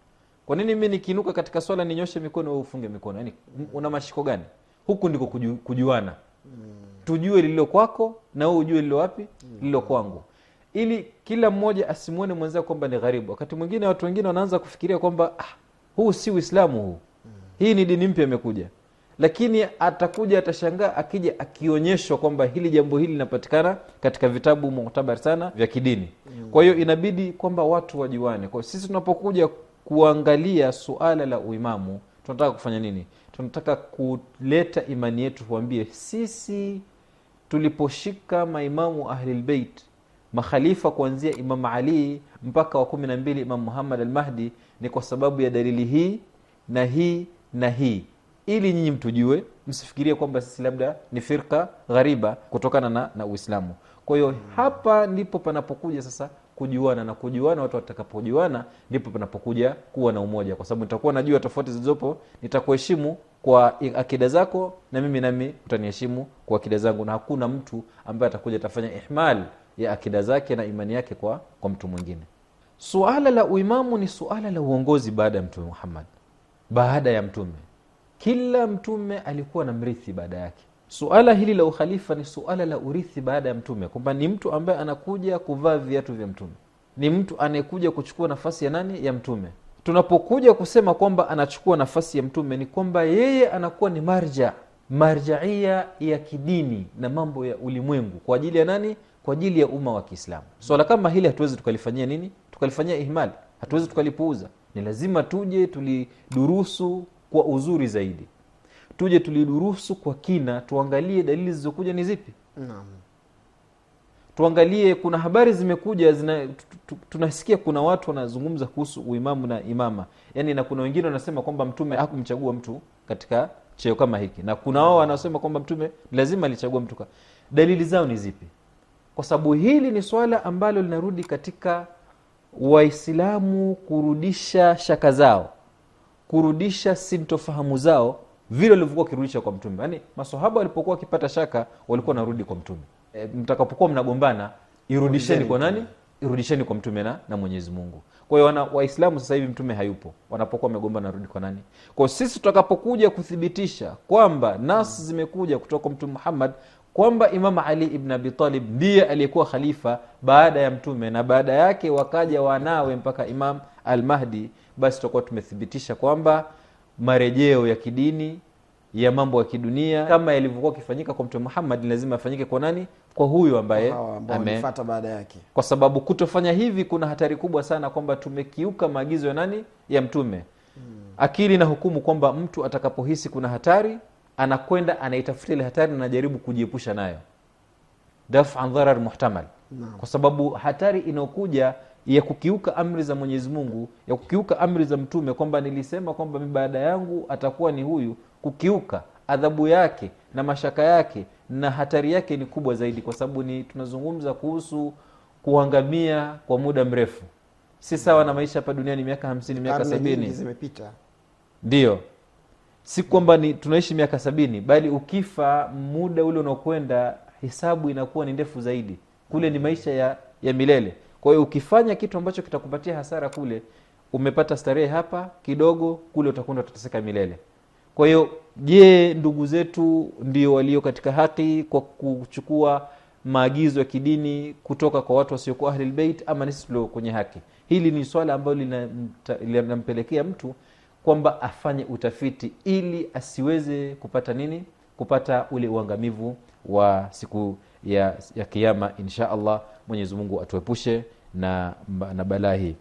kwa nini mi nikiinuka katika swala ninyoshe mikono ufunge mikono yaani una mashiko gani huku ndiko kuju, kujuana mm tujue lililo kwako na wewe ujue lilo wapi lililo kwangu ili kila mmoja asimwone mwenzake kwamba ni gharibu wakati mwingine watu wengine wanaanza kufikiria kwamba ah, huu si uislamu huu hii ni dini mpya imekuja lakini atakuja atashangaa akija akionyeshwa kwamba hili jambo hili linapatikana katika vitabu muktabar sana vya kidini kwa hiyo inabidi kwamba watu wajuane kwao sisi tunapokuja kuangalia suala la uimamu tunataka kufanya nini tunataka kuleta imani yetu tuambie sisi tuliposhika maimamu ahlilbeit makhalifa kuanzia imamu ali mpaka wa kumi na mbili imamu muhammad almahdi ni kwa sababu ya dalili hii na hii na hii ili nyinyi mtujue msifikirie kwamba sisi labda ni firka ghariba kutokana na, na uislamu kwa hiyo hapa ndipo panapokuja sasa kujuana na kujuana, watu watakapojuana ndipo panapokuja kuwa na umoja, kwa sababu nitakuwa najua tofauti zilizopo, nitakuheshimu kwa akida zako, na mimi nami utaniheshimu kwa akida zangu, na hakuna mtu ambaye atakuja atafanya ihmal ya akida zake na imani yake kwa, kwa mtu mwingine. Suala la uimamu ni suala la uongozi baada ya Mtume Muhammad. Baada ya Mtume, kila mtume alikuwa na mrithi baada yake suala hili la ukhalifa ni suala la urithi baada ya mtume kwamba ni mtu ambaye anakuja kuvaa viatu vya mtume ni mtu anayekuja kuchukua nafasi ya nani ya mtume tunapokuja kusema kwamba anachukua nafasi ya mtume ni kwamba yeye anakuwa ni marja marjaia ya kidini na mambo ya ulimwengu kwa ajili ya nani kwa ajili ya umma wa kiislamu swala so, kama hili hatuwezi tukalifanyia nini tukalifanyia ihmali hatuwezi tukalipuuza ni lazima tuje tulidurusu kwa uzuri zaidi tuje tulidurusu kwa kina tuangalie dalili zilizokuja ni zipi naam tuangalie kuna habari zimekuja zina, tunasikia kuna watu wanazungumza kuhusu uimamu na imama yaani na kuna wengine wanasema kwamba mtume hakumchagua mtu katika cheo kama hiki na kuna wao wanasema kwamba mtume lazima alichagua mtu dalili zao ni zipi kwa sababu hili ni swala ambalo linarudi katika waislamu kurudisha shaka zao kurudisha sintofahamu zao vile walivyokuwa wakirudisha kwa mtume yaani masahaba walipokuwa wakipata shaka walikuwa wanarudi kwa mtume e, mtakapokuwa mnagombana irudisheni kwa nani irudisheni kwa mtume na, na mwenyezi mungu kwa hiyo waislamu sasa hivi mtume hayupo wanapokuwa wamegombana narudi kwa nani kwao sisi tutakapokuja kuthibitisha kwamba nasi mm. zimekuja kutoka kwa mtume muhammad kwamba imam ali ibn abitalib ndiye aliyekuwa khalifa baada ya mtume na baada yake wakaja wanawe mpaka imam almahdi basi tutakuwa tumethibitisha kwamba marejeo ya kidini ya mambo ya kidunia kama yalivyokuwa akifanyika kwa mtume Muhammad, lazima afanyike kwa nani? Kwa huyu ambaye amefuata baada yake, kwa sababu kutofanya hivi kuna hatari kubwa sana kwamba tumekiuka maagizo ya nani? Ya mtume. Hmm. Akili na hukumu kwamba mtu atakapohisi kuna hatari anakwenda anaitafuta ile hatari na anajaribu kujiepusha nayo, dafan dharar muhtamal. Kwa sababu hatari inayokuja ya kukiuka amri za mwenyezi mungu ya kukiuka amri za mtume kwamba nilisema kwamba baada yangu atakuwa ni huyu kukiuka adhabu yake na mashaka yake na hatari yake ni kubwa zaidi kwa sababu ni tunazungumza kuhusu kuangamia kwa muda mrefu si sawa na maisha hapa duniani miaka hamsini miaka sabini zimepita ndio si kwamba ni tunaishi miaka sabini bali ukifa muda ule unaokwenda hesabu inakuwa ni ndefu zaidi kule ni maisha ya, ya milele kwa hiyo ukifanya kitu ambacho kitakupatia hasara kule umepata starehe hapa kidogo kule utakwenda utateseka milele kwa hiyo je ndugu zetu ndio walio katika haki kwa kuchukua maagizo ya kidini kutoka kwa watu wasiokuwa ahlilbeit ama nisi tulio kwenye haki hili ni swala ambalo linampelekea mtu kwamba afanye utafiti ili asiweze kupata nini kupata ule uangamivu wa siku ya, ya kiama insha allah mwenyezi mungu atuepushe na, na balaa hii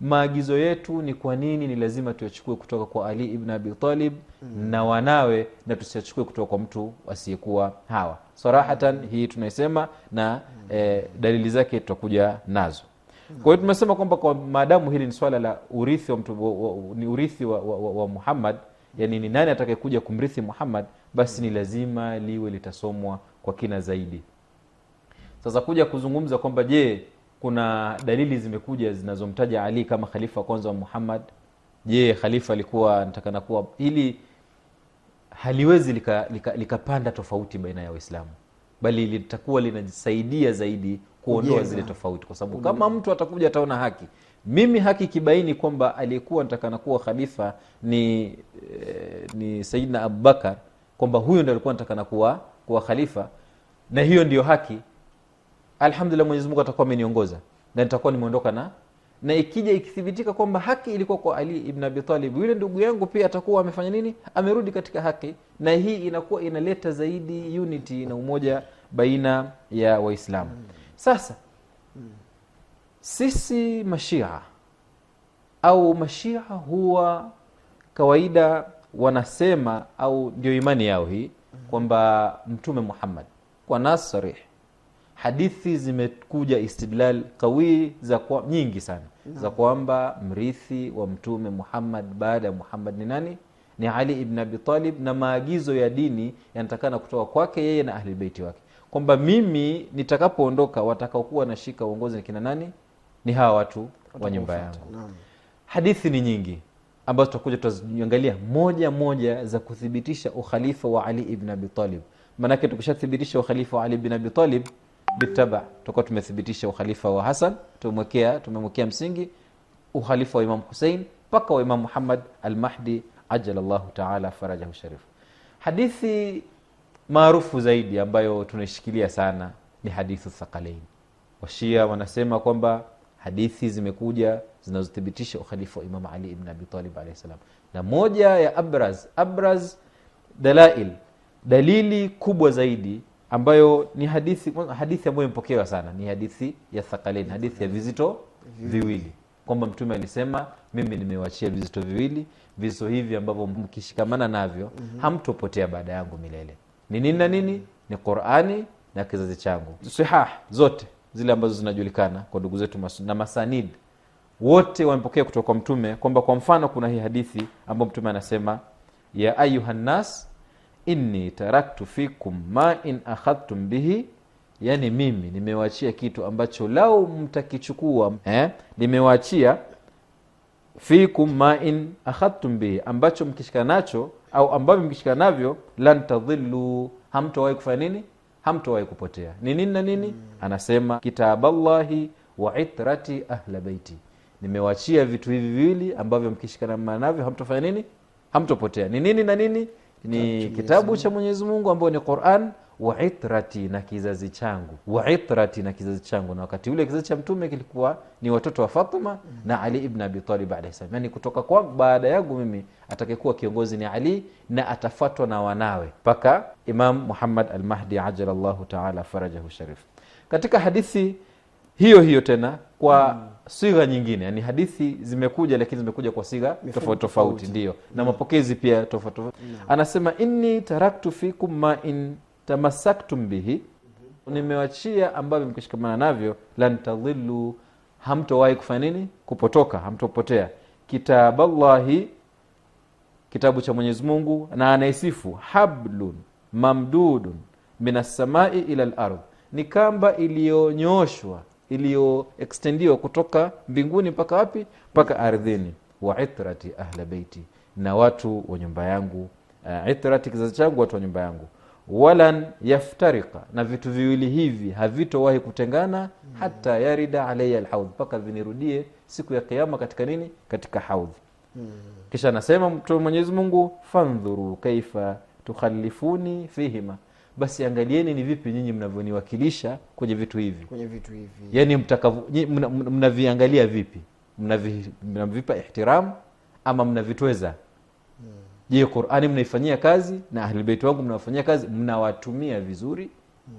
maagizo yetu ni kwa nini ni lazima tuyachukue kutoka kwa ali ibn abitalib mm. na wanawe na tusiyachukue kutoka kwa mtu asiyekuwa hawa sarahatan mm. hii tunaisema na mm. e, dalili zake tutakuja nazo mm. kwa hiyo tumesema kwamba kwa maadamu hili ni swala la urithi wa mtu, wa, ni urithi wa, wa, wa, wa muhammad yani ni nani atakayekuja kumrithi muhammad basi mm. ni lazima liwe litasomwa kwa kina zaidi sasa kuja kuzungumza kwamba je, kuna dalili zimekuja zinazomtaja Ali kama khalifa wa kwanza wa Muhammad. Je, khalifa alikuwa anatakana kuwa ili haliwezi likapanda lika, lika tofauti baina ya Waislamu, bali litakuwa linajisaidia zaidi kuondoa zile tofauti, kwa sababu kama mtu atakuja ataona haki mimi haki kibaini kwamba aliyekuwa natakana kuwa khalifa ni e, ni Saidina Abubakar, kwamba huyo ndio alikuwa natakana kuwa kuwa khalifa, na hiyo ndiyo haki alhamdulillah Mwenyezi Mungu atakuwa ameniongoza na nitakuwa nimeondoka na na ikija ikithibitika kwamba haki ilikuwa kwa Ali ibn Abi Talib, yule ndugu yangu pia atakuwa amefanya nini? Amerudi katika haki, na hii inakuwa inaleta zaidi unity na umoja baina ya Waislamu. Sasa sisi mashia au mashia huwa kawaida wanasema au ndio imani yao hii kwamba Mtume Muhammad kwa nas sarih hadithi zimekuja istidlal kawii za kwa, nyingi sana no. za kwamba mrithi wa mtume Muhammad baada ya Muhammad ni nani? Ni Ali ibn Abi Talib, na maagizo ya dini yanatakana kutoka kwake yeye na ahlibeiti wake, kwamba mimi nitakapoondoka watakaokuwa nashika uongozi ni kina nani? Ni hawa watu wa nyumba yangu no. Hadithi ni nyingi ambazo tutakuja tutaziangalia moja moja za kuthibitisha ukhalifa wa Ali ibn Abi Talib, maanake tukishathibitisha ukhalifa wa Ali ibn Abi Talib bitaba, tuko tumethibitisha ukhalifa wa Hasan, tumemwekea tumemwekea msingi ukhalifa wa Imam Husein mpaka wa Imam Muhammad almahdi ajala llahu taala farajahu sharifu. Hadithi maarufu zaidi ambayo tunaishikilia sana ni hadithu Thaqalain. Washia wanasema kwamba hadithi zimekuja zinazothibitisha ukhalifa wa Imam Ali ibn abitalib Talib salam, na moja ya abraz abraz dalail, dalili kubwa zaidi ambayo ni hadithi hadithi ambayo imepokewa sana, ni hadithi ya Thakalin, hadithi ya vizito viwili, kwamba Mtume alisema mimi nimewachia vizito viwili, vizito hivi ambavyo mkishikamana navyo mhm. hamtopotea baada yangu milele. Ni nini na nini? Ni Qurani na kizazi changu. Sihah zote zile ambazo zinajulikana kwa ndugu zetu na masanid wote wamepokea kutoka kwa Mtume kwamba, kwa mfano, kuna hii hadithi ambayo Mtume anasema ya ayuha nnas inni taraktu fikum ma in akhadtum bihi yani mimi nimewachia kitu ambacho lau mtakichukua eh, nimewachia fikum ma in akhadtum bihi ambacho mkishika nacho au ambavyo mkishika navyo lan tadhillu hamtowahi kufanya nini hamtowahi kupotea ni nini na nini hmm. anasema kitaballahi wa itrati ahla baiti nimewachia vitu hivi viwili ambavyo mkishikana navyo hamtofanya nini hamtopotea ni nini na nini ni kitabu cha mwenyezi mungu ambayo ni quran wa itrati na kizazi changu wa itrati na kizazi changu na wakati ule kizazi cha mtume kilikuwa ni watoto wa fatima mm. na ali ibn abitalib alahi salam yani kutoka kwangu baada yangu mimi atakekuwa kiongozi ni ali na atafatwa na wanawe mpaka imam muhammad almahdi ajala llahu taala farajahu sharif katika hadithi hiyo hiyo tena kwa mm sigha nyingine yani hadithi zimekuja lakini zimekuja kwa sigha tofauti tofauti ndio na mm. mapokezi pia tofauti tofauti mm. anasema inni taraktu fikum ma in tamassaktum bihi mm-hmm. nimewachia ambavyo mkishikamana navyo lan tadhillu hamtowahi kufanya nini kupotoka hamtopotea kitaballahi kitabu cha mwenyezi mungu na anaisifu hablun mamdudun min assamai ila lardh ni kamba iliyonyoshwa iliyoekstendiwa kutoka mbinguni mpaka wapi? Mpaka ardhini. wa itrati ahla beiti, na watu wa nyumba yangu. Uh, itrati kizazi changu, watu wa nyumba yangu. walan yaftarika, na vitu viwili hivi havitowahi kutengana mm. hata yarida alaya lhaudh, mpaka vinirudie siku ya kiama katika nini? Katika haudhi mm. Kisha anasema Mtume Mwenyezi Mungu, fandhuru kaifa tukhalifuni fihima basi angalieni ni vipi nyinyi mnavyoniwakilisha kwenye vitu hivi kwenye vitu hivi yaani mnaviangalia vipi mnavipa ihtiramu ama mnavitweza hmm. je qurani mnaifanyia kazi na ahlilbeiti wangu mnawafanyia kazi mnawatumia vizuri hmm.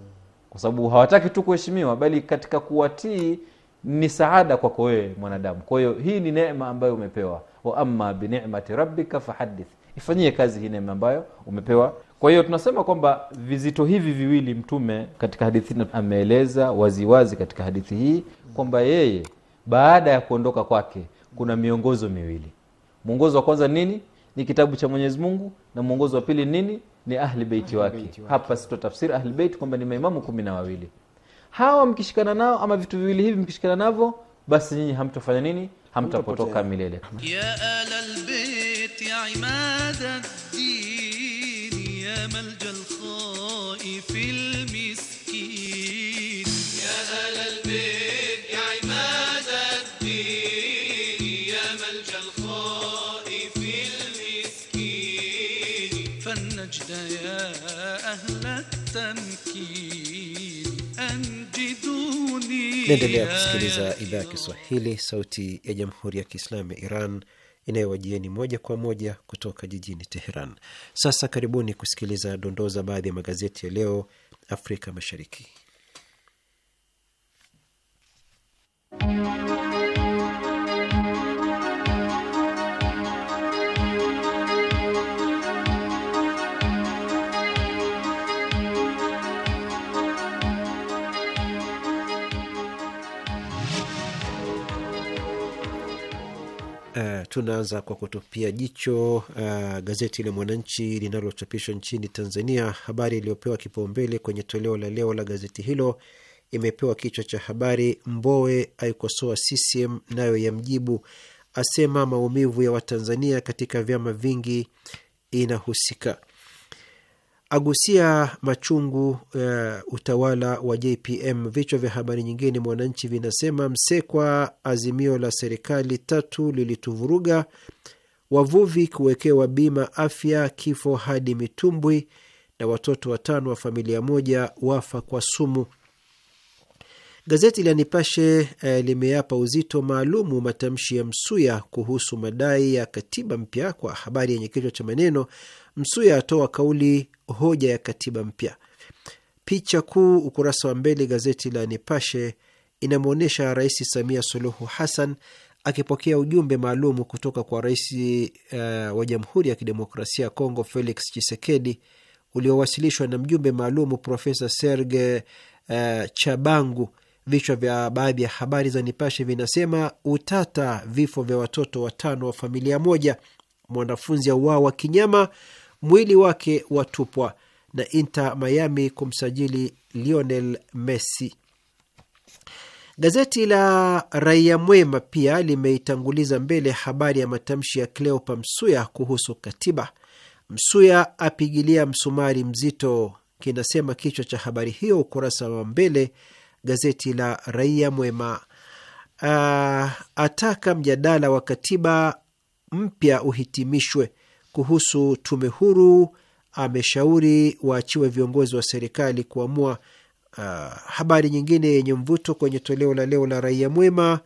kwa sababu hawataki tu kuheshimiwa bali katika kuwatii ni saada kwako wewe mwanadamu kwa hiyo hii ni neema ambayo umepewa waama binicmati rabbika fahadith ifanyie kazi hii neema ambayo umepewa kwa hiyo tunasema kwamba vizito hivi viwili Mtume katika hadithi ameeleza waziwazi katika hadithi hii kwamba yeye baada ya kuondoka kwake kuna miongozo miwili. Mwongozo wa kwanza nini? Ni kitabu cha Mwenyezi Mungu, na mwongozo wa pili nini? Ni ahlibeiti wake. Hapa sito tafsiri beiti kwamba ni maimamu kumi na wawili. Hawa mkishikana nao, ama vitu viwili hivi mkishikana navyo, basi nyinyi hamtofanya nini? Hamtapotoka milele ya يا ملجأ الخائف المسكين يا أهل البيت يا عماد الدين يا ملجأ الخائف المسكين فالنجد يا أهل التمكين أنجدوني Naendelea kusikiliza idhaa ya Kiswahili, يا ya يا كسلام ايران inayowajieni moja kwa moja kutoka jijini Teheran. Sasa karibuni kusikiliza dondoo za baadhi ya magazeti ya leo Afrika Mashariki. tunaanza kwa kutupia jicho uh, gazeti la Mwananchi linalochapishwa nchini Tanzania. Habari iliyopewa kipaumbele kwenye toleo la leo la gazeti hilo imepewa kichwa cha habari, Mbowe aikosoa CCM nayo yamjibu, asema maumivu ya Watanzania katika vyama vingi inahusika agusia machungu ya eh, utawala wa JPM. Vichwa vya habari nyingine Mwananchi vinasema Msekwa, azimio la serikali tatu lilituvuruga, wavuvi kuwekewa bima afya kifo hadi mitumbwi, na watoto watano wa familia moja wafa kwa sumu. Gazeti la Nipashe eh, limeyapa uzito maalumu matamshi ya Msuya kuhusu madai ya katiba mpya kwa habari yenye kichwa cha maneno Msuya atoa kauli hoja ya katiba mpya. Picha kuu ukurasa wa mbele gazeti la Nipashe inamwonyesha Rais Samia Suluhu Hassan akipokea ujumbe maalum kutoka kwa rais uh, wa Jamhuri ya Kidemokrasia ya Kongo Felix Tshisekedi uliowasilishwa na mjumbe maalum Profesa Serge uh, Chabangu. Vichwa vya baadhi ya habari za Nipashe vinasema: utata, vifo vya watoto watano wa familia moja, mwanafunzi auawa kinyama, mwili wake watupwa na Inter Miami kumsajili Lionel Messi. Gazeti la Raia Mwema pia limeitanguliza mbele habari ya matamshi ya Cleopa Msuya kuhusu katiba. Msuya apigilia msumari mzito, kinasema kichwa cha habari hiyo, ukurasa wa mbele gazeti la Raia Mwema. Uh, ataka mjadala wa katiba mpya uhitimishwe kuhusu tume huru ameshauri waachiwe viongozi wa serikali kuamua. Uh, habari nyingine yenye mvuto kwenye toleo la leo la Raia Mwema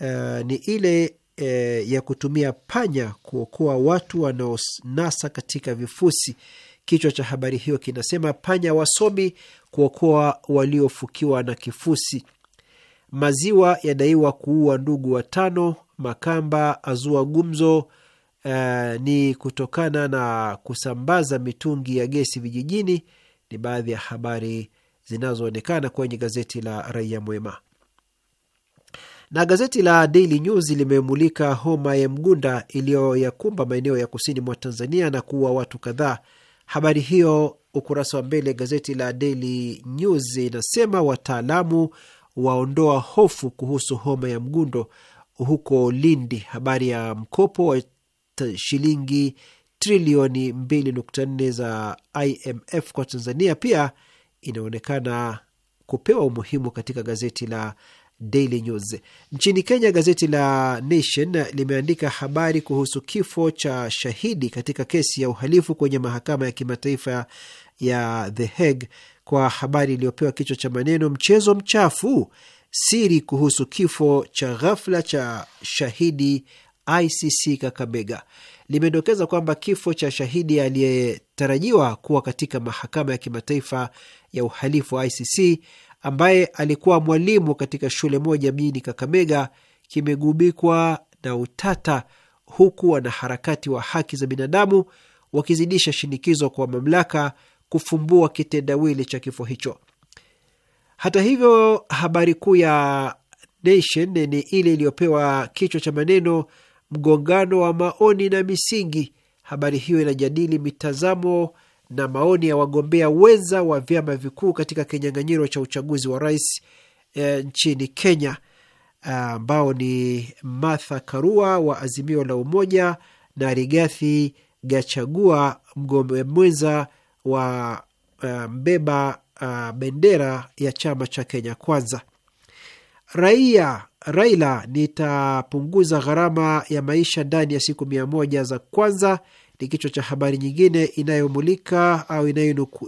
uh, ni ile uh, ya kutumia panya kuokoa watu wanaonasa katika vifusi. Kichwa cha habari hiyo kinasema panya wasomi kuokoa waliofukiwa na kifusi. Maziwa yadaiwa kuua ndugu watano. Makamba azua gumzo uh, ni kutokana na kusambaza mitungi ya gesi vijijini, ni baadhi ya habari zinazoonekana kwenye gazeti la Raia Mwema. Na gazeti la Daily News limemulika homa ya mgunda iliyoyakumba maeneo ya kusini mwa Tanzania na kuua watu kadhaa. Habari hiyo ukurasa wa mbele gazeti la Daily News inasema wataalamu waondoa hofu kuhusu homa ya mgundo huko Lindi. Habari ya mkopo shilingi trilioni 2.4 za IMF kwa Tanzania pia inaonekana kupewa umuhimu katika gazeti la Daily News. Nchini Kenya, gazeti la Nation limeandika habari kuhusu kifo cha shahidi katika kesi ya uhalifu kwenye mahakama ya kimataifa ya The Hague kwa habari iliyopewa kichwa cha maneno mchezo mchafu, siri kuhusu kifo cha ghafla cha shahidi ICC Kakabega limedokeza kwamba kifo cha shahidi aliyetarajiwa kuwa katika mahakama ya kimataifa ya uhalifu wa ICC ambaye alikuwa mwalimu katika shule moja mjini Kakamega kimegubikwa na utata, huku wanaharakati wa haki za binadamu wakizidisha shinikizo kwa mamlaka kufumbua kitendawili cha kifo hicho. Hata hivyo, habari kuu ya Nation ni ile iliyopewa kichwa cha maneno mgongano wa maoni na misingi. Habari hiyo inajadili mitazamo na maoni ya wagombea wenza wa vyama vikuu katika kinyang'anyiro cha uchaguzi wa rais e, nchini Kenya ah, ambao ni Martha Karua wa Azimio la Umoja na Rigathi Gachagua mgombea mwenza wa uh, mbeba uh, bendera ya chama cha Kenya Kwanza. Raia Raila, nitapunguza gharama ya maisha ndani ya siku mia moja za kwanza ni kichwa cha habari nyingine inayomulika au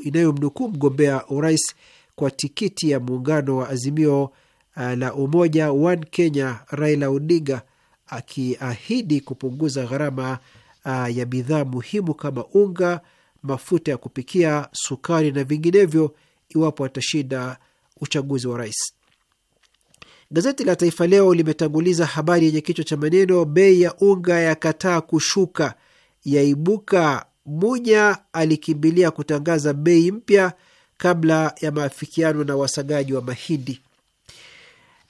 inayomnukuu mgombea urais kwa tikiti ya muungano wa Azimio uh, la Umoja One Kenya, Raila Odinga akiahidi kupunguza gharama uh, ya bidhaa muhimu kama unga, mafuta ya kupikia, sukari na vinginevyo iwapo atashinda uchaguzi wa rais. Gazeti la Taifa Leo limetanguliza habari yenye kichwa cha maneno bei ya unga yakataa kushuka, yaibuka Munya alikimbilia kutangaza bei mpya kabla ya maafikiano na wasagaji wa mahindi.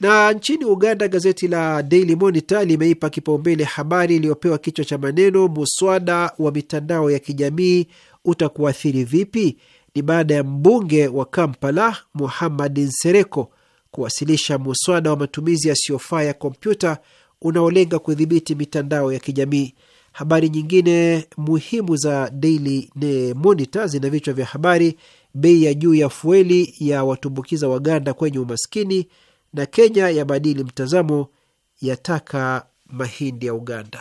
Na nchini Uganda, gazeti la Daily Monitor limeipa kipaumbele habari iliyopewa kichwa cha maneno muswada wa mitandao ya kijamii utakuathiri vipi? Ni baada ya mbunge wa Kampala Muhammad Nsereko kuwasilisha muswada wa matumizi yasiyofaa ya kompyuta unaolenga kudhibiti mitandao ya kijamii. Habari nyingine muhimu za Daily Monitor zina vichwa vya habari: bei ya juu ya fueli ya watumbukiza Waganda kwenye umaskini, na Kenya yabadili mtazamo, yataka mahindi ya Uganda.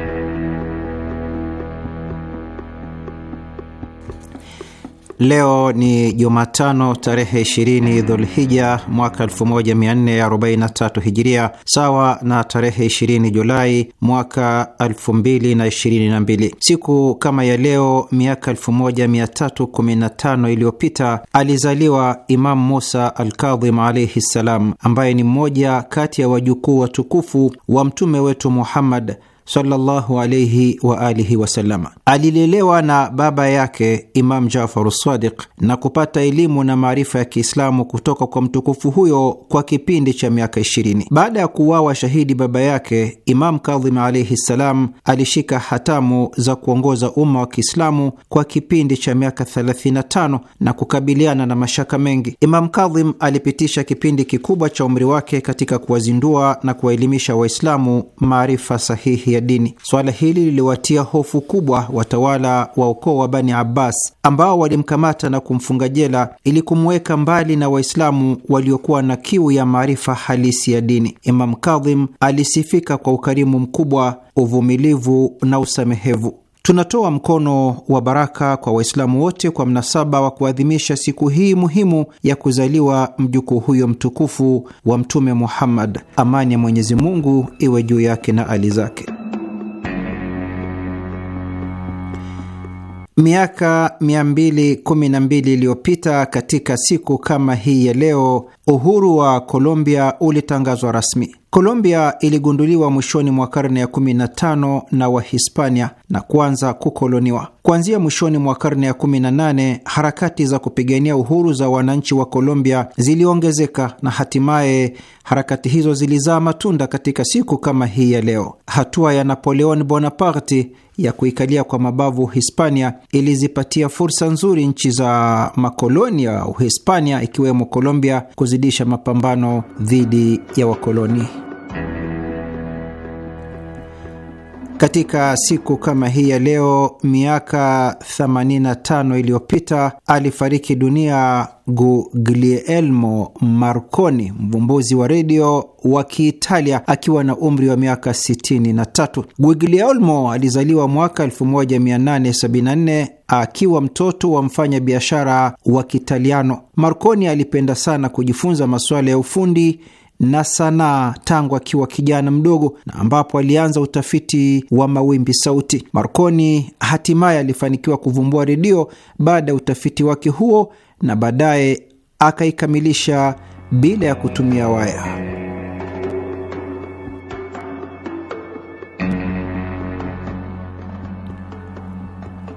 Leo ni Jumatano tarehe 20 Dhulhija mwaka 1443 Hijiria, sawa na tarehe 20 Julai mwaka 2022. Siku kama ya leo miaka 1315 iliyopita alizaliwa Imamu Musa Alkadhim alaihi ssalam, ambaye ni mmoja kati ya wajukuu watukufu wa mtume wetu Muhammad sallallahu alayhi wa alihi Alilelewa na baba yake Imam Jafar Sadiq na kupata elimu na maarifa ya Kiislamu kutoka kwa mtukufu huyo kwa kipindi cha miaka 20. Baada ya kuuawa shahidi baba yake, Imam Kadhim alayhi ssalam alishika hatamu za kuongoza umma wa Kiislamu kwa kipindi cha miaka 35 na kukabiliana na mashaka mengi. Imam Kadhim alipitisha kipindi kikubwa cha umri wake katika kuwazindua na kuwaelimisha Waislamu maarifa sahihi ya dini. Swala hili liliwatia hofu kubwa watawala wa ukoo wa Bani Abbas ambao walimkamata na kumfunga jela ili kumweka mbali na Waislamu waliokuwa na kiu ya maarifa halisi ya dini. Imam Kadhim alisifika kwa ukarimu mkubwa, uvumilivu na usamehevu. Tunatoa mkono wa baraka kwa Waislamu wote kwa mnasaba wa kuadhimisha siku hii muhimu ya kuzaliwa mjukuu huyo mtukufu wa Mtume Muhammad, amani ya Mwenyezi Mungu iwe juu yake na ali zake. Miaka 212 iliyopita katika siku kama hii ya leo, uhuru wa Colombia ulitangazwa rasmi. Colombia iligunduliwa mwishoni mwa karne ya 15 na Wahispania na kuanza kukoloniwa. Kuanzia mwishoni mwa karne ya 18, harakati za kupigania uhuru za wananchi wa Colombia ziliongezeka na hatimaye harakati hizo zilizaa matunda katika siku kama hii ya leo. Hatua ya Napoleon Bonaparte ya kuikalia kwa mabavu Hispania ilizipatia fursa nzuri nchi za makoloni ya Uhispania ikiwemo Colombia kuzidisha mapambano dhidi ya wakoloni. Katika siku kama hii ya leo miaka 85 iliyopita alifariki dunia Guglielmo Marconi, mvumbuzi wa redio wa Kiitalia akiwa na umri wa miaka 63. Guglielmo alizaliwa mwaka 1874 akiwa mtoto wa mfanya biashara wa Kitaliano. Marconi alipenda sana kujifunza masuala ya ufundi na sanaa tangu akiwa kijana mdogo na ambapo alianza utafiti wa mawimbi sauti. Marconi hatimaye alifanikiwa kuvumbua redio baada ya utafiti wake huo, na baadaye akaikamilisha bila ya kutumia waya.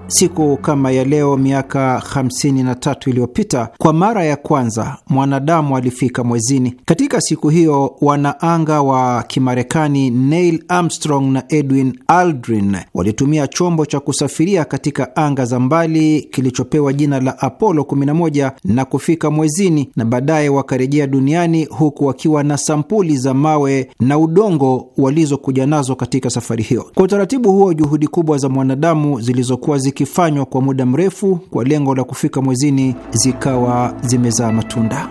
Siku kama ya leo miaka 53 iliyopita kwa mara ya kwanza mwanadamu alifika mwezini. Katika siku hiyo, wanaanga wa Kimarekani Neil Armstrong na Edwin Aldrin walitumia chombo cha kusafiria katika anga za mbali kilichopewa jina la Apollo 11 na kufika mwezini, na baadaye wakarejea duniani huku wakiwa na sampuli za mawe na udongo walizokuja nazo katika safari hiyo. Kwa utaratibu huo, juhudi kubwa za mwanadamu zilizokuwa ziki zikifanywa kwa muda mrefu kwa lengo la kufika mwezini zikawa zimezaa matunda.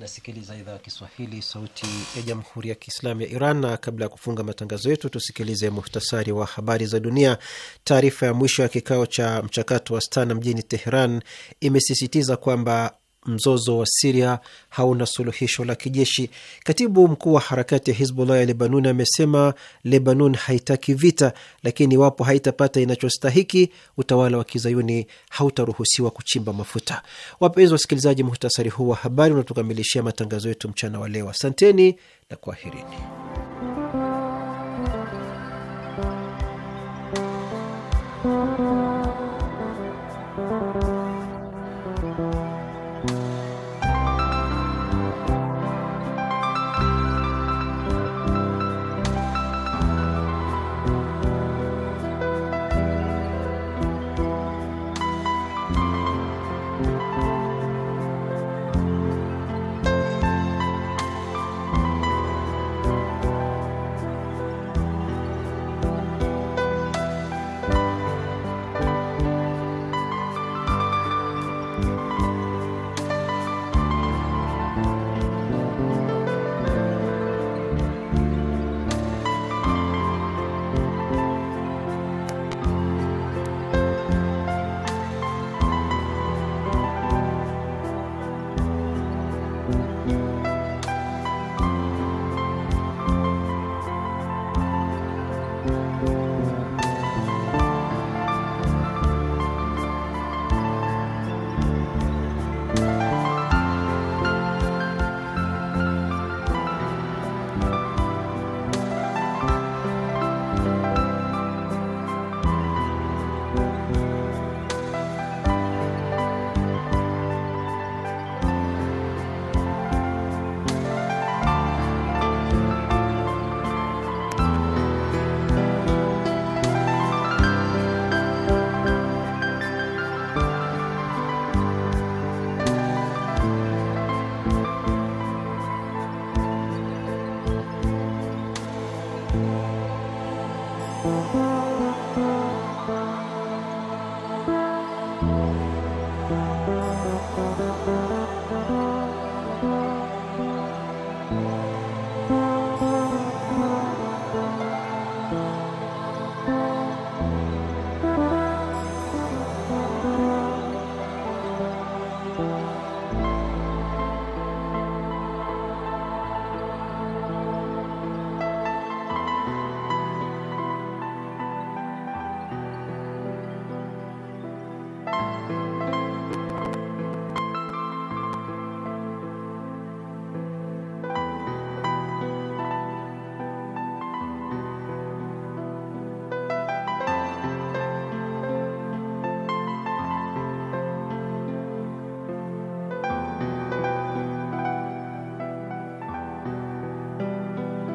Nasikiliza idhaa ya Kiswahili, sauti ya jamhuri ya kiislamu ya Iran. Na kabla ya kufunga matangazo yetu, tusikilize muhtasari wa habari za dunia. Taarifa ya mwisho ya kikao cha mchakato wa Astana mjini Teheran imesisitiza kwamba mzozo wa Siria hauna suluhisho la kijeshi. Katibu mkuu wa harakati ya Hizbullah ya Lebanon amesema Lebanon haitaki vita, lakini iwapo haitapata inachostahiki, utawala wa kizayuni hautaruhusiwa kuchimba mafuta. Wapenzi wasikilizaji, muhtasari huu wa habari unatukamilishia matangazo yetu mchana wa leo. Asanteni na kwaherini.